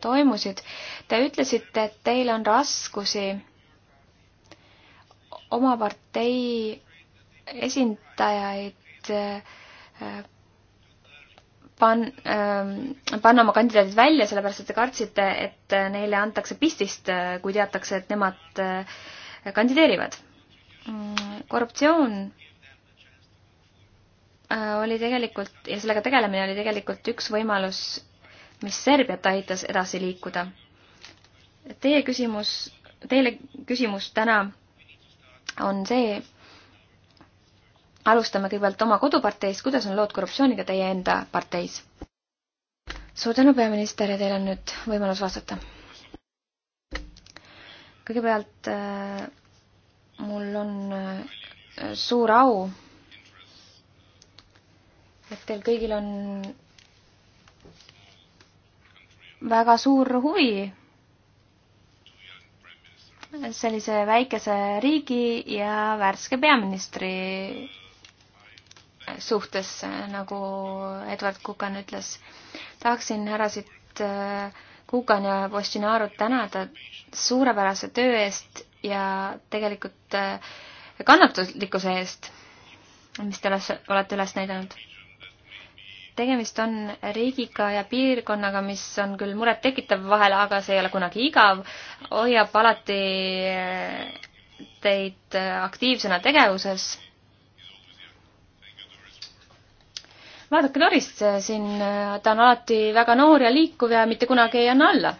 [SPEAKER 3] toimusid. Te ütlesite, et teil on raskusi oma partei esindajaid pan-, ähm, panna oma kandidaadid välja, sellepärast et te kartsite, et äh, neile antakse pistist, äh, kui teatakse, et nemad äh, kandideerivad. Mm, korruptsioon oli tegelikult ja sellega tegelemine oli tegelikult üks võimalus, mis Serbiat aitas edasi liikuda. Teie küsimus, teile küsimus täna on see, alustame kõigepealt oma koduparteist, kuidas on lood korruptsiooniga teie enda parteis? suur tänu, peaminister, ja teil on nüüd võimalus vastata. kõigepealt äh, mul on äh, suur au, et teil kõigil on väga suur huvi sellise väikese riigi ja värske peaministri suhtes, nagu Edward Kukan ütles. tahaksin härrasid äh, Kukan ja Postinaarut tänada suurepärase töö eest ja tegelikult äh, kannatlikkuse eest, mis te olete üles näidanud. tegemist on riigiga ja piirkonnaga, mis on küll murettekitav vahel, aga see ei ole kunagi igav, hoiab alati äh, teid aktiivsena tegevuses vaadake Norist siin, ta on alati väga noor ja liikuv ja mitte kunagi ei anna alla.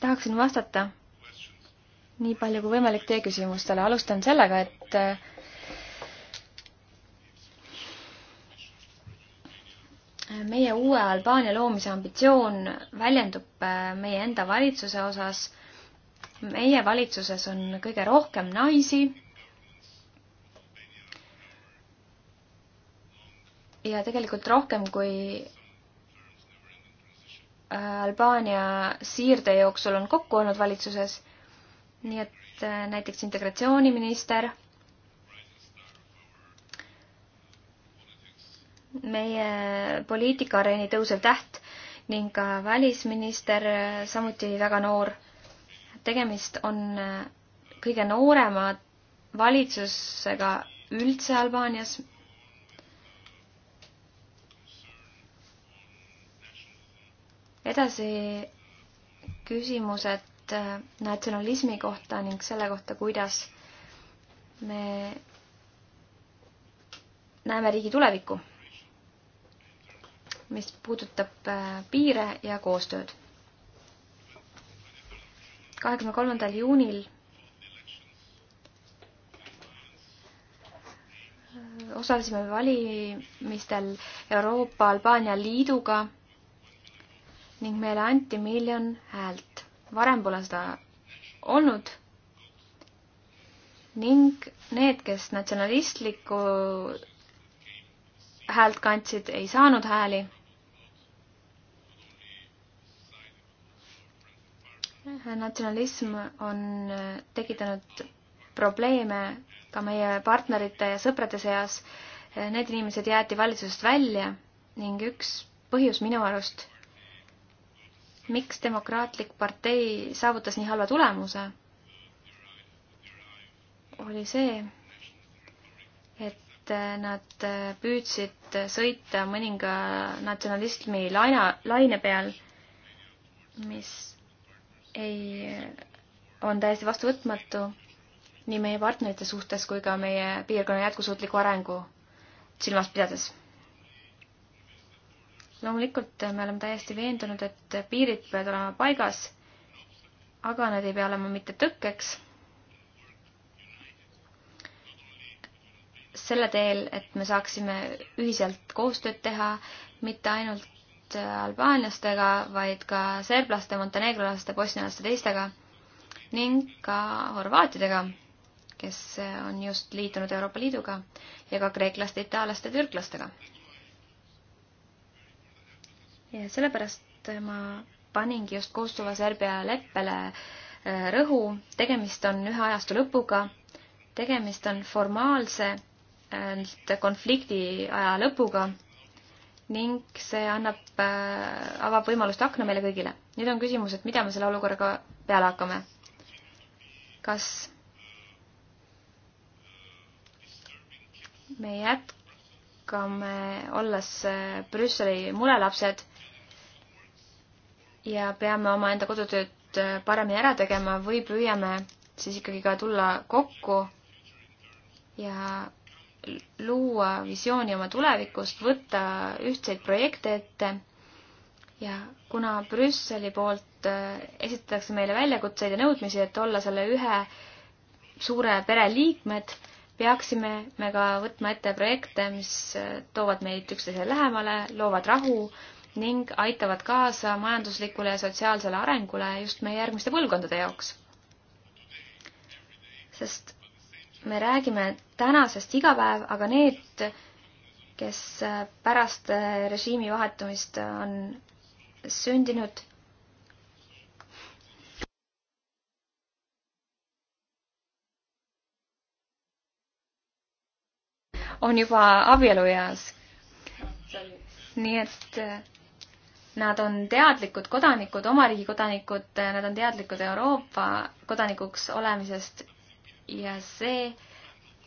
[SPEAKER 3] tahaksin vastata nii palju kui võimalik teie küsimustele. alustan sellega, et äh, meie uue Albaania loomise ambitsioon väljendub äh, meie enda valitsuse osas. meie valitsuses on kõige rohkem naisi ja tegelikult rohkem kui äh, Albaania siirde jooksul on kokku olnud valitsuses. nii et äh, näiteks integratsiooniminister, meie poliitikaareeni tõusev täht ning ka välisminister, äh, samuti väga noor. tegemist on kõige noorema valitsusega üldse Albaanias edasi küsimused äh, natsionalismi kohta ning selle kohta, kuidas me näeme riigi tulevikku, mis puudutab äh, piire ja koostööd. kahekümne kolmandal juunil äh, osalesime valimistel Euroopa Albaania Liiduga ning meile anti miljon häält. varem pole seda olnud. ning need, kes natsionalistlikku häält kandsid, ei saanud hääli. natsionalism on äh, tekitanud probleeme ka meie partnerite ja sõprade seas. Äh, need inimesed jäeti valitsusest välja ning üks põhjus minu arust miks Demokraatlik partei saavutas nii halva tulemuse, oli see, et nad püüdsid sõita mõninga natsionalismi laina, laine peal, mis ei, on täiesti vastuvõtmatu nii meie partnerite suhtes kui ka meie piirkonna jätkusuutliku arengu silmas pidades loomulikult me oleme täiesti veendunud, et piirid peavad olema paigas, aga need ei pea olema mitte tõkkeks. selle teel, et me saaksime ühiselt koostööd teha mitte ainult albaanlastega, vaid ka serblaste, montenegrolaste, bosnialaste, teistega ning ka horvaatidega, kes on just liitunud Euroopa Liiduga ja ka kreeklaste, itaallaste, türklastega ja sellepärast ma paningi just koostuva Serbia leppele äh, rõhu, tegemist on ühe ajastu lõpuga, tegemist on formaalse äh, konflikti aja lõpuga ning see annab, äh, avab võimalust akna meile kõigile. nüüd on küsimus, et mida me selle olukorraga peale hakkame. kas me jätkame, olles Brüsseli mulelapsed ja peame omaenda kodutööd äh, paremini ära tegema või püüame siis ikkagi ka tulla kokku ja luua visiooni oma tulevikust, võtta ühtseid projekte ette ja kuna Brüsseli poolt äh, esitatakse meile väljakutseid ja nõudmisi, et olla selle ühe suure pere liikmed, peaksime me ka võtma ette projekte, mis äh, toovad meid üksteisele lähemale, loovad rahu, ning aitavad kaasa majanduslikule ja sotsiaalsele arengule just meie järgmiste põlvkondade jaoks. sest me räägime tänasest iga päev, aga need, kes pärast režiimi vahetumist on sündinud, on juba abielueas. nii et Nad on teadlikud kodanikud, oma riigi kodanikud, nad on teadlikud Euroopa kodanikuks olemisest ja see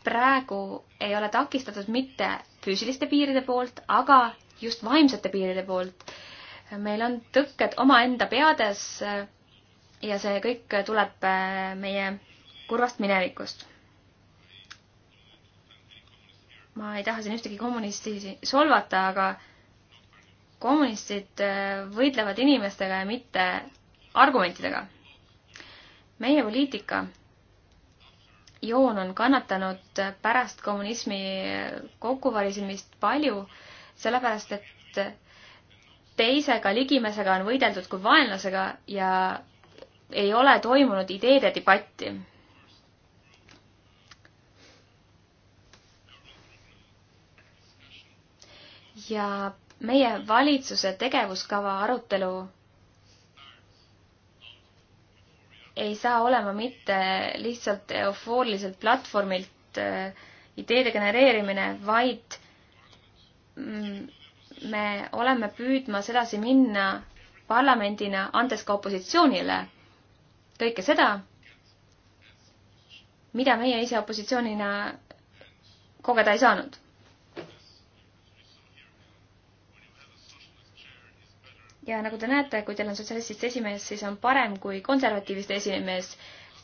[SPEAKER 3] praegu ei ole takistatud mitte füüsiliste piiride poolt, aga just vaimsete piiride poolt. meil on tõkked omaenda peades ja see kõik tuleb äh, meie kurvast minevikust. ma ei taha siin ühtegi kommunisti solvata, aga kommunistid äh, võitlevad inimestega ja mitte argumentidega. meie poliitika joon on kannatanud pärast kommunismi kokkuvarisemist palju, sellepärast et teisega ligimesega on võideldud kui vaenlasega ja ei ole toimunud ideede debatti ja meie valitsuse tegevuskava arutelu ei saa olema mitte lihtsalt eufooriliselt platvormilt äh, ideede genereerimine, vaid mm, me oleme püüdmas edasi minna parlamendina, andes ka opositsioonile kõike seda, mida meie ise opositsioonina kogeda ei saanud ja nagu te näete, kui teil on sotsialistist esimees, siis on parem kui konservatiivist esimees,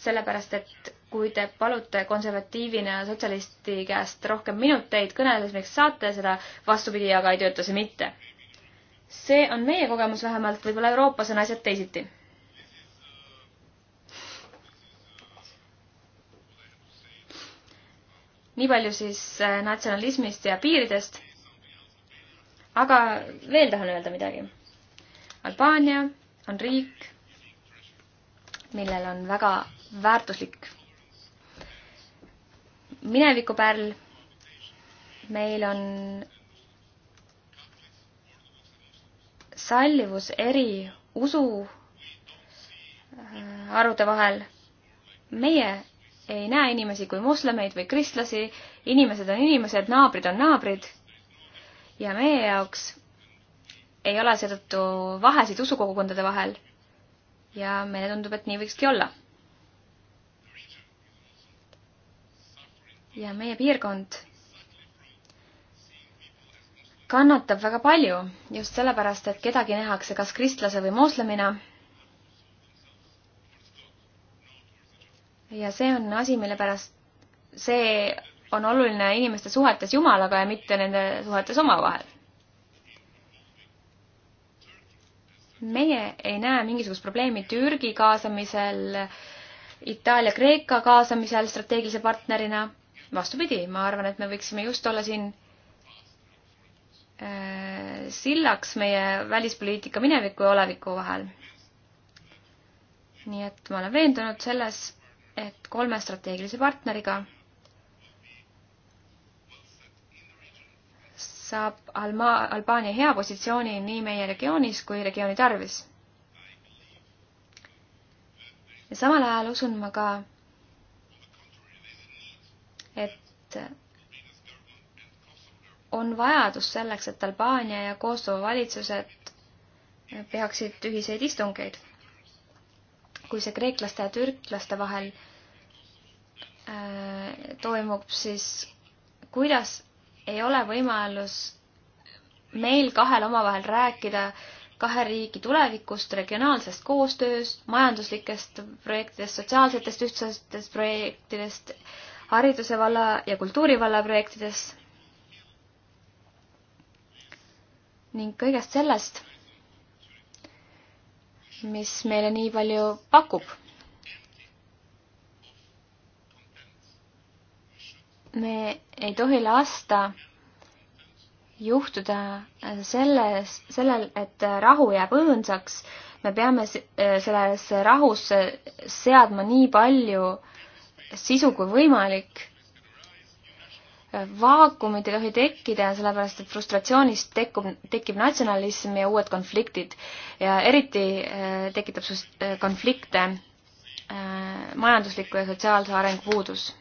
[SPEAKER 3] sellepärast et kui te palute konservatiivina sotsialisti käest rohkem minuteid kõneliseks, saate seda, vastupidi aga ei tööta see mitte. see on meie kogemus vähemalt, võib-olla Euroopas on asjad teisiti nii palju siis äh, natsionalismist ja piiridest. aga veel tahan öelda midagi. Albaania on riik, millel on väga väärtuslik minevikupärl. meil on sallivus eri usu harude äh, vahel. meie ei näe inimesi kui moslemeid või kristlasi, inimesed on inimesed, naabrid on naabrid. ja meie jaoks ei ole seetõttu vahesid usukogukondade vahel ja meile tundub, et nii võikski olla. ja meie piirkond kannatab väga palju just sellepärast, et kedagi nähakse kas kristlase või moslemina. ja see on asi, mille pärast, see on oluline inimeste suhetes Jumalaga ja mitte nende suhetes omavahel meie ei näe mingisugust probleemi Türgi kaasamisel, Itaalia-Kreeka kaasamisel strateegilise partnerina. vastupidi, ma arvan, et me võiksime just olla siin äh, sillaks meie välispoliitika mineviku ja oleviku vahel. nii et ma olen veendunud selles, et kolme strateegilise partneriga saab Alma-, Albaania hea positsiooni nii meie regioonis kui regiooni tarvis. ja samal ajal usun ma ka, et on vajadus selleks, et Albaania ja Kosovo valitsused peaksid ühiseid istungeid. kui see kreeklaste ja türklaste vahel äh, toimub, siis kuidas ei ole võimalus meil kahel omavahel rääkida kahe riigi tulevikust, regionaalsest koostööst, majanduslikest projektidest, sotsiaalsetest ühtsetest projektidest, hariduse valla ja kultuuri valla projektidest. ning kõigest sellest, mis meile nii palju pakub me ei tohi lasta juhtuda selles, sellel, et rahu jääb õõnsaks, me peame selles rahus seadma nii palju sisu kui võimalik. vaakumit ei tohi tekkida, sellepärast et frustratsioonist tekub, tekib natsionalism ja uued konfliktid ja eriti äh, tekitab äh, konflikte äh, majandusliku ja sotsiaalse arengu puudus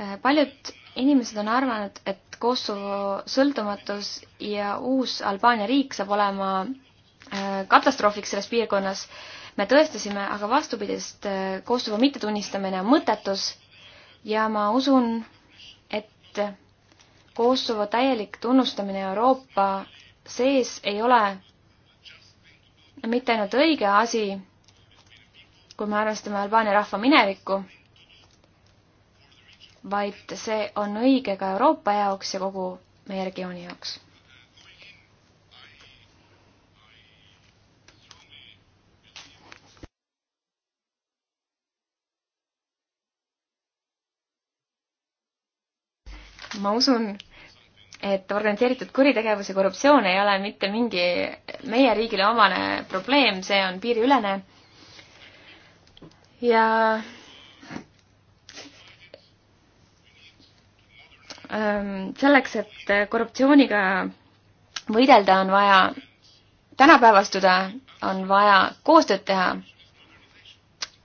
[SPEAKER 3] Äh, paljud inimesed on arvanud, et Kosovo sõltumatus ja uus Albaania riik saab olema äh, katastroofiks selles piirkonnas. me tõestasime aga vastupidist, äh, Kosovo mittetunnistamine on mõttetus ja ma usun, et Kosovo täielik tunnustamine Euroopa sees ei ole mitte ainult õige asi, kui me arvestame Albaania rahva minevikku vaid see on õige ka Euroopa jaoks ja kogu meie regiooni jaoks. ma usun, et organiseeritud kuritegevus ja korruptsioon ei ole mitte mingi meie riigile omane probleem, see on piiriülene ja Ehm, selleks, et äh, korruptsiooniga võidelda, on vaja tänapäevastuda, on vaja koostööd teha.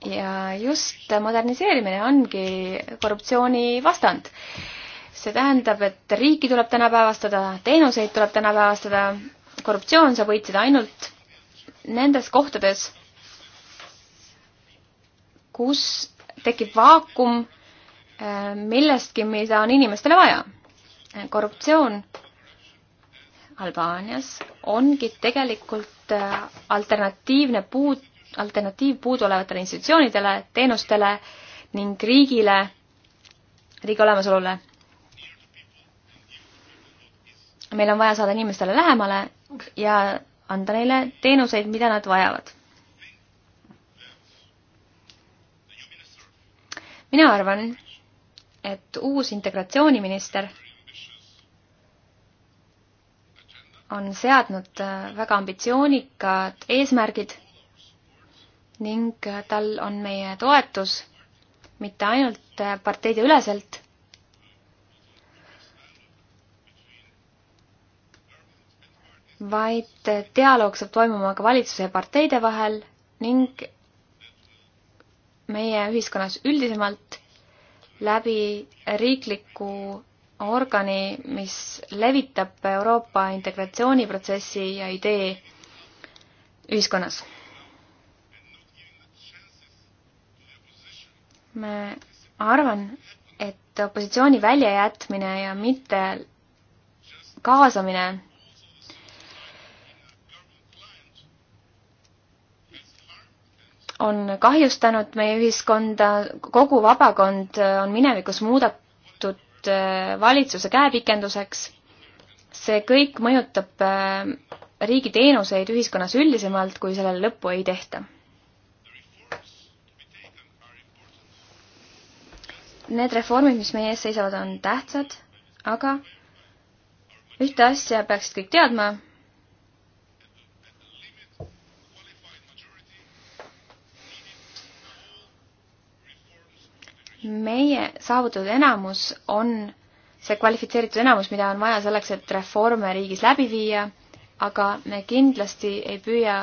[SPEAKER 3] ja just moderniseerimine ongi korruptsiooni vastand. see tähendab, et riiki tuleb tänapäevastada, teenuseid tuleb tänapäevastada, korruptsioon saab võitseda ainult nendes kohtades, kus tekib vaakum millestki, mida on inimestele vaja. korruptsioon Albaanias ongi tegelikult äh, alternatiivne puud, alternatiiv puuduolevatele institutsioonidele, teenustele ning riigile, riigi olemasolule. meil on vaja saada inimestele lähemale ja anda neile teenuseid, mida nad vajavad. mina arvan, et uus integratsiooniminister on seadnud äh, väga ambitsioonikad eesmärgid ning äh, tal on meie toetus mitte ainult äh, parteide üleselt, vaid dialoog saab toimuma ka valitsuse ja parteide vahel ning meie ühiskonnas üldisemalt läbi riikliku organi, mis levitab Euroopa integratsiooniprotsessi ja idee ühiskonnas. ma arvan, et opositsiooni väljajätmine ja mitte kaasamine on kahjustanud meie ühiskonda, kogu vabakond äh, on minevikus muudetud äh, valitsuse käepikenduseks. see kõik mõjutab äh, riigi teenuseid ühiskonnas üldisemalt, kui sellele lõppu ei tehta. Need reformid, mis meie ees seisavad, on tähtsad, aga ühte asja peaksid kõik teadma meie saavutatud enamus on see kvalifitseeritud enamus, mida on vaja selleks, et reforme riigis läbi viia, aga me kindlasti ei püüa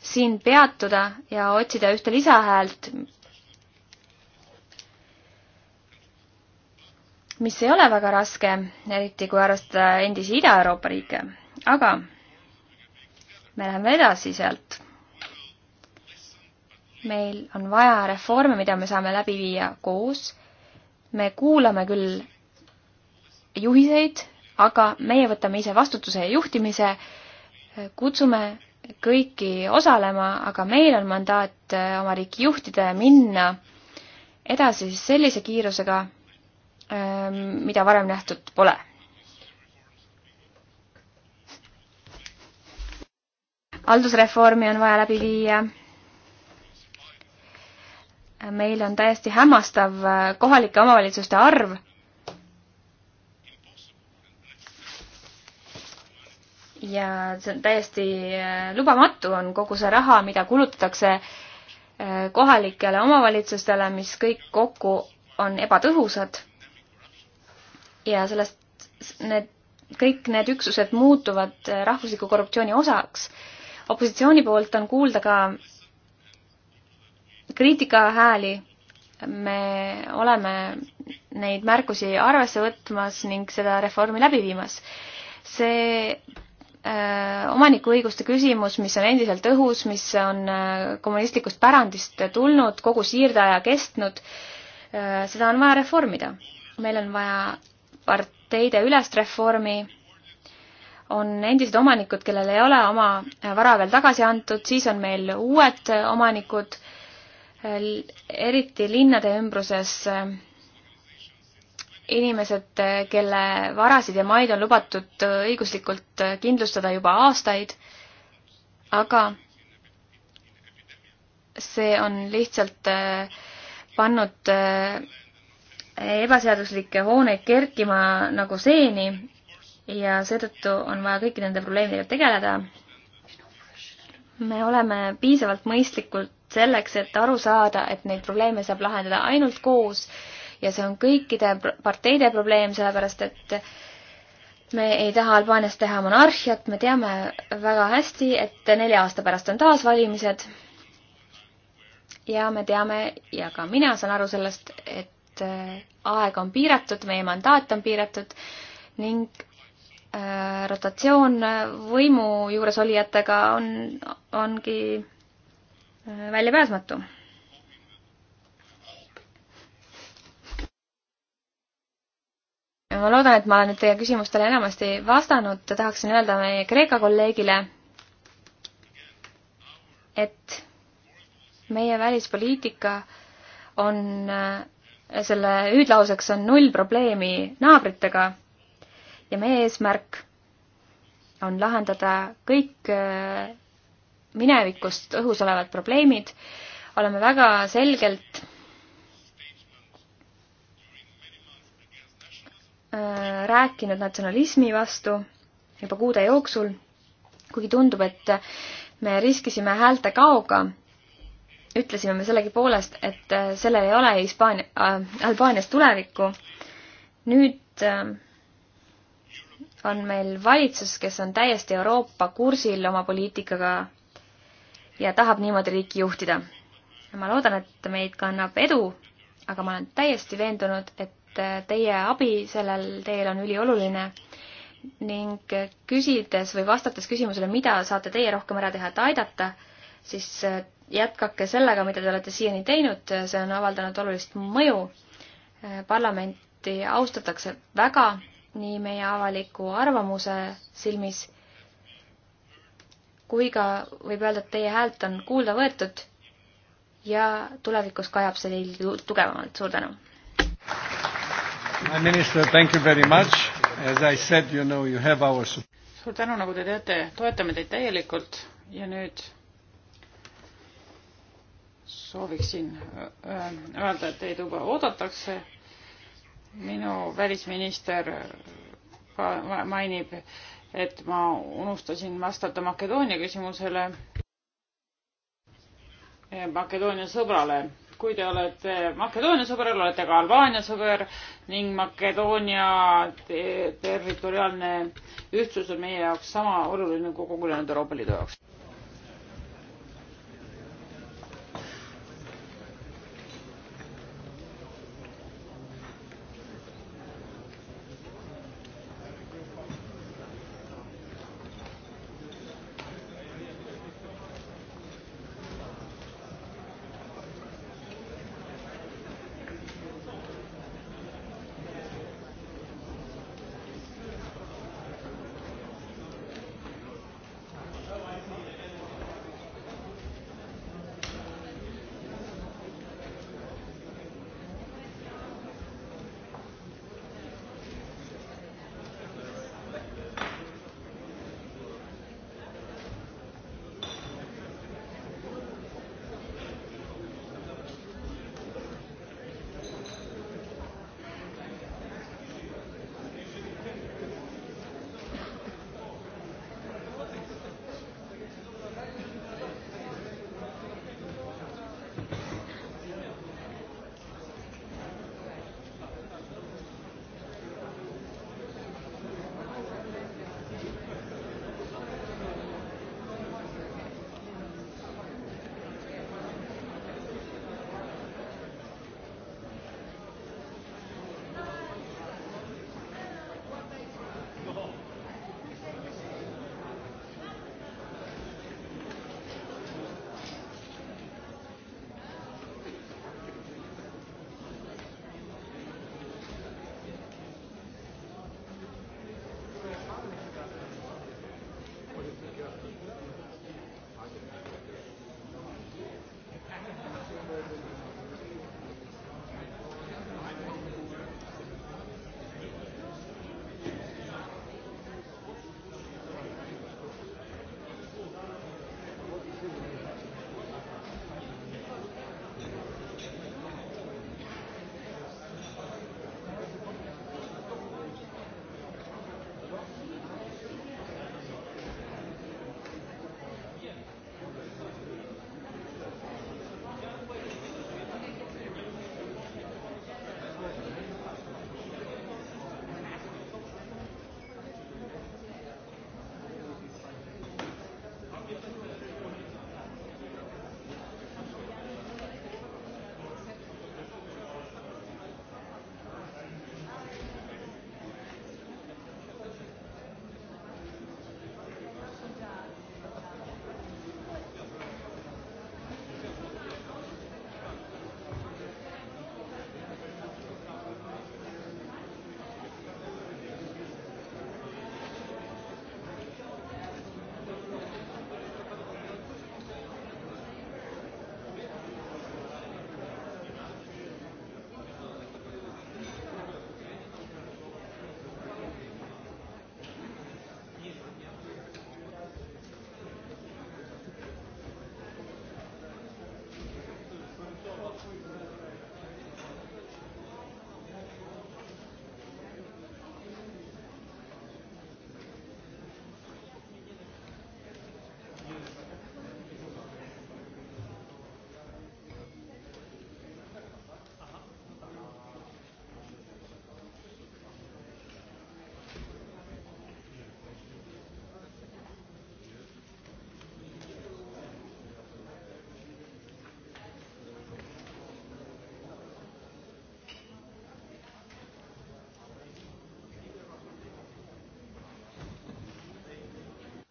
[SPEAKER 3] siin peatuda ja otsida ühte lisahäält, mis ei ole väga raske, eriti kui arvestada endisi Ida-Euroopa riike, aga me läheme edasi sealt meil on vaja reforme, mida me saame läbi viia koos. me kuulame küll juhiseid, aga meie võtame ise vastutuse ja juhtimise, kutsume kõiki osalema, aga meil on mandaat eh, oma riiki juhtida ja minna edasi siis sellise kiirusega, eh, mida varem nähtud pole. haldusreformi on vaja läbi viia meil on täiesti hämmastav äh, kohalike omavalitsuste arv. ja see on täiesti äh, lubamatu, on kogu see raha, mida kulutatakse äh, kohalikele omavalitsustele, mis kõik kokku on ebatõhusad. ja sellest, need, kõik need üksused muutuvad rahvusliku korruptsiooni osaks. opositsiooni poolt on kuulda ka kriitikahääli, me oleme neid märkusi arvesse võtmas ning seda reformi läbi viimas. see äh, omanikuõiguste küsimus, mis on endiselt õhus, mis on äh, kommunistlikust pärandist tulnud, kogu siirdeaja kestnud, äh, seda on vaja reformida. meil on vaja parteide ülest reformi, on endised omanikud, kellel ei ole oma vara veel tagasi antud, siis on meil uued omanikud äh,, eriti linnade ümbruses äh, inimesed, äh, kelle varasid ja maid on lubatud äh, õiguslikult kindlustada juba aastaid, aga see on lihtsalt pannud ebaseaduslikke hooneid kerkima nagu seeni ja seetõttu on vaja kõikide nende probleemidega tegeleda. me oleme piisavalt mõistlikult selleks, et aru saada, et neid probleeme saab lahendada ainult koos ja see on kõikide parteide probleem, sellepärast et me ei taha Albaanias teha monarhiat, me teame väga hästi, et nelja aasta pärast on taas valimised. ja me teame ja ka mina saan aru sellest, et äh, aeg on piiratud, meie mandaat on piiratud ning äh, rotatsioon äh, võimu juuresolijatega on, ongi väljapääsmatu. ma loodan, et ma olen nüüd teie küsimustele enamasti vastanud, tahaksin öelda meie Kreeka kolleegile, et meie välispoliitika on, äh, selle hüüdlauseks on null probleemi naabritega ja meie eesmärk on lahendada kõik äh, minevikust õhus olevad probleemid, oleme väga selgelt äh, rääkinud natsionalismi vastu juba kuude jooksul, kuigi tundub, et me riskisime häälte kaoga, ütlesime me sellegipoolest, et äh, sellel ei ole Hispaania äh,, Albaanias tulevikku. nüüd äh, on meil valitsus, kes on täiesti Euroopa kursil oma poliitikaga ja tahab niimoodi riiki juhtida. ma loodan, et meid kannab edu, aga ma olen täiesti veendunud, et teie abi sellel teel on ülioluline ning küsides või vastates küsimusele, mida saate teie rohkem ära teha, et aidata, siis jätkake sellega, mida te olete siiani teinud, see on avaldanud olulist mõju. parlamenti austatakse väga nii meie avaliku arvamuse silmis kui ka võib öelda, et teie häält on kuulda võetud ja tulevikus kajab see teil tugevamalt. suur tänu!
[SPEAKER 1] Minister, thank you very much. As I said, you know, you have our
[SPEAKER 2] suur tänu, nagu te teate, toetame teid täielikult ja nüüd sooviksin äh, öelda, et teid juba oodatakse. minu välisminister mainib et ma unustasin vastata Makedoonia küsimusele. Makedoonia sõbrale, kui te olete Makedoonia sõber, olete ka Albaania sõber ning Makedoonia territoriaalne ühtsus on meie jaoks sama oluline kui kogu ülejäänud Euroopa Liidu jaoks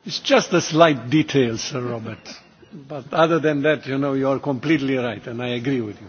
[SPEAKER 1] It's just a slight detail, Sir Robert. But other than that, you know, you are completely right, and I agree with you.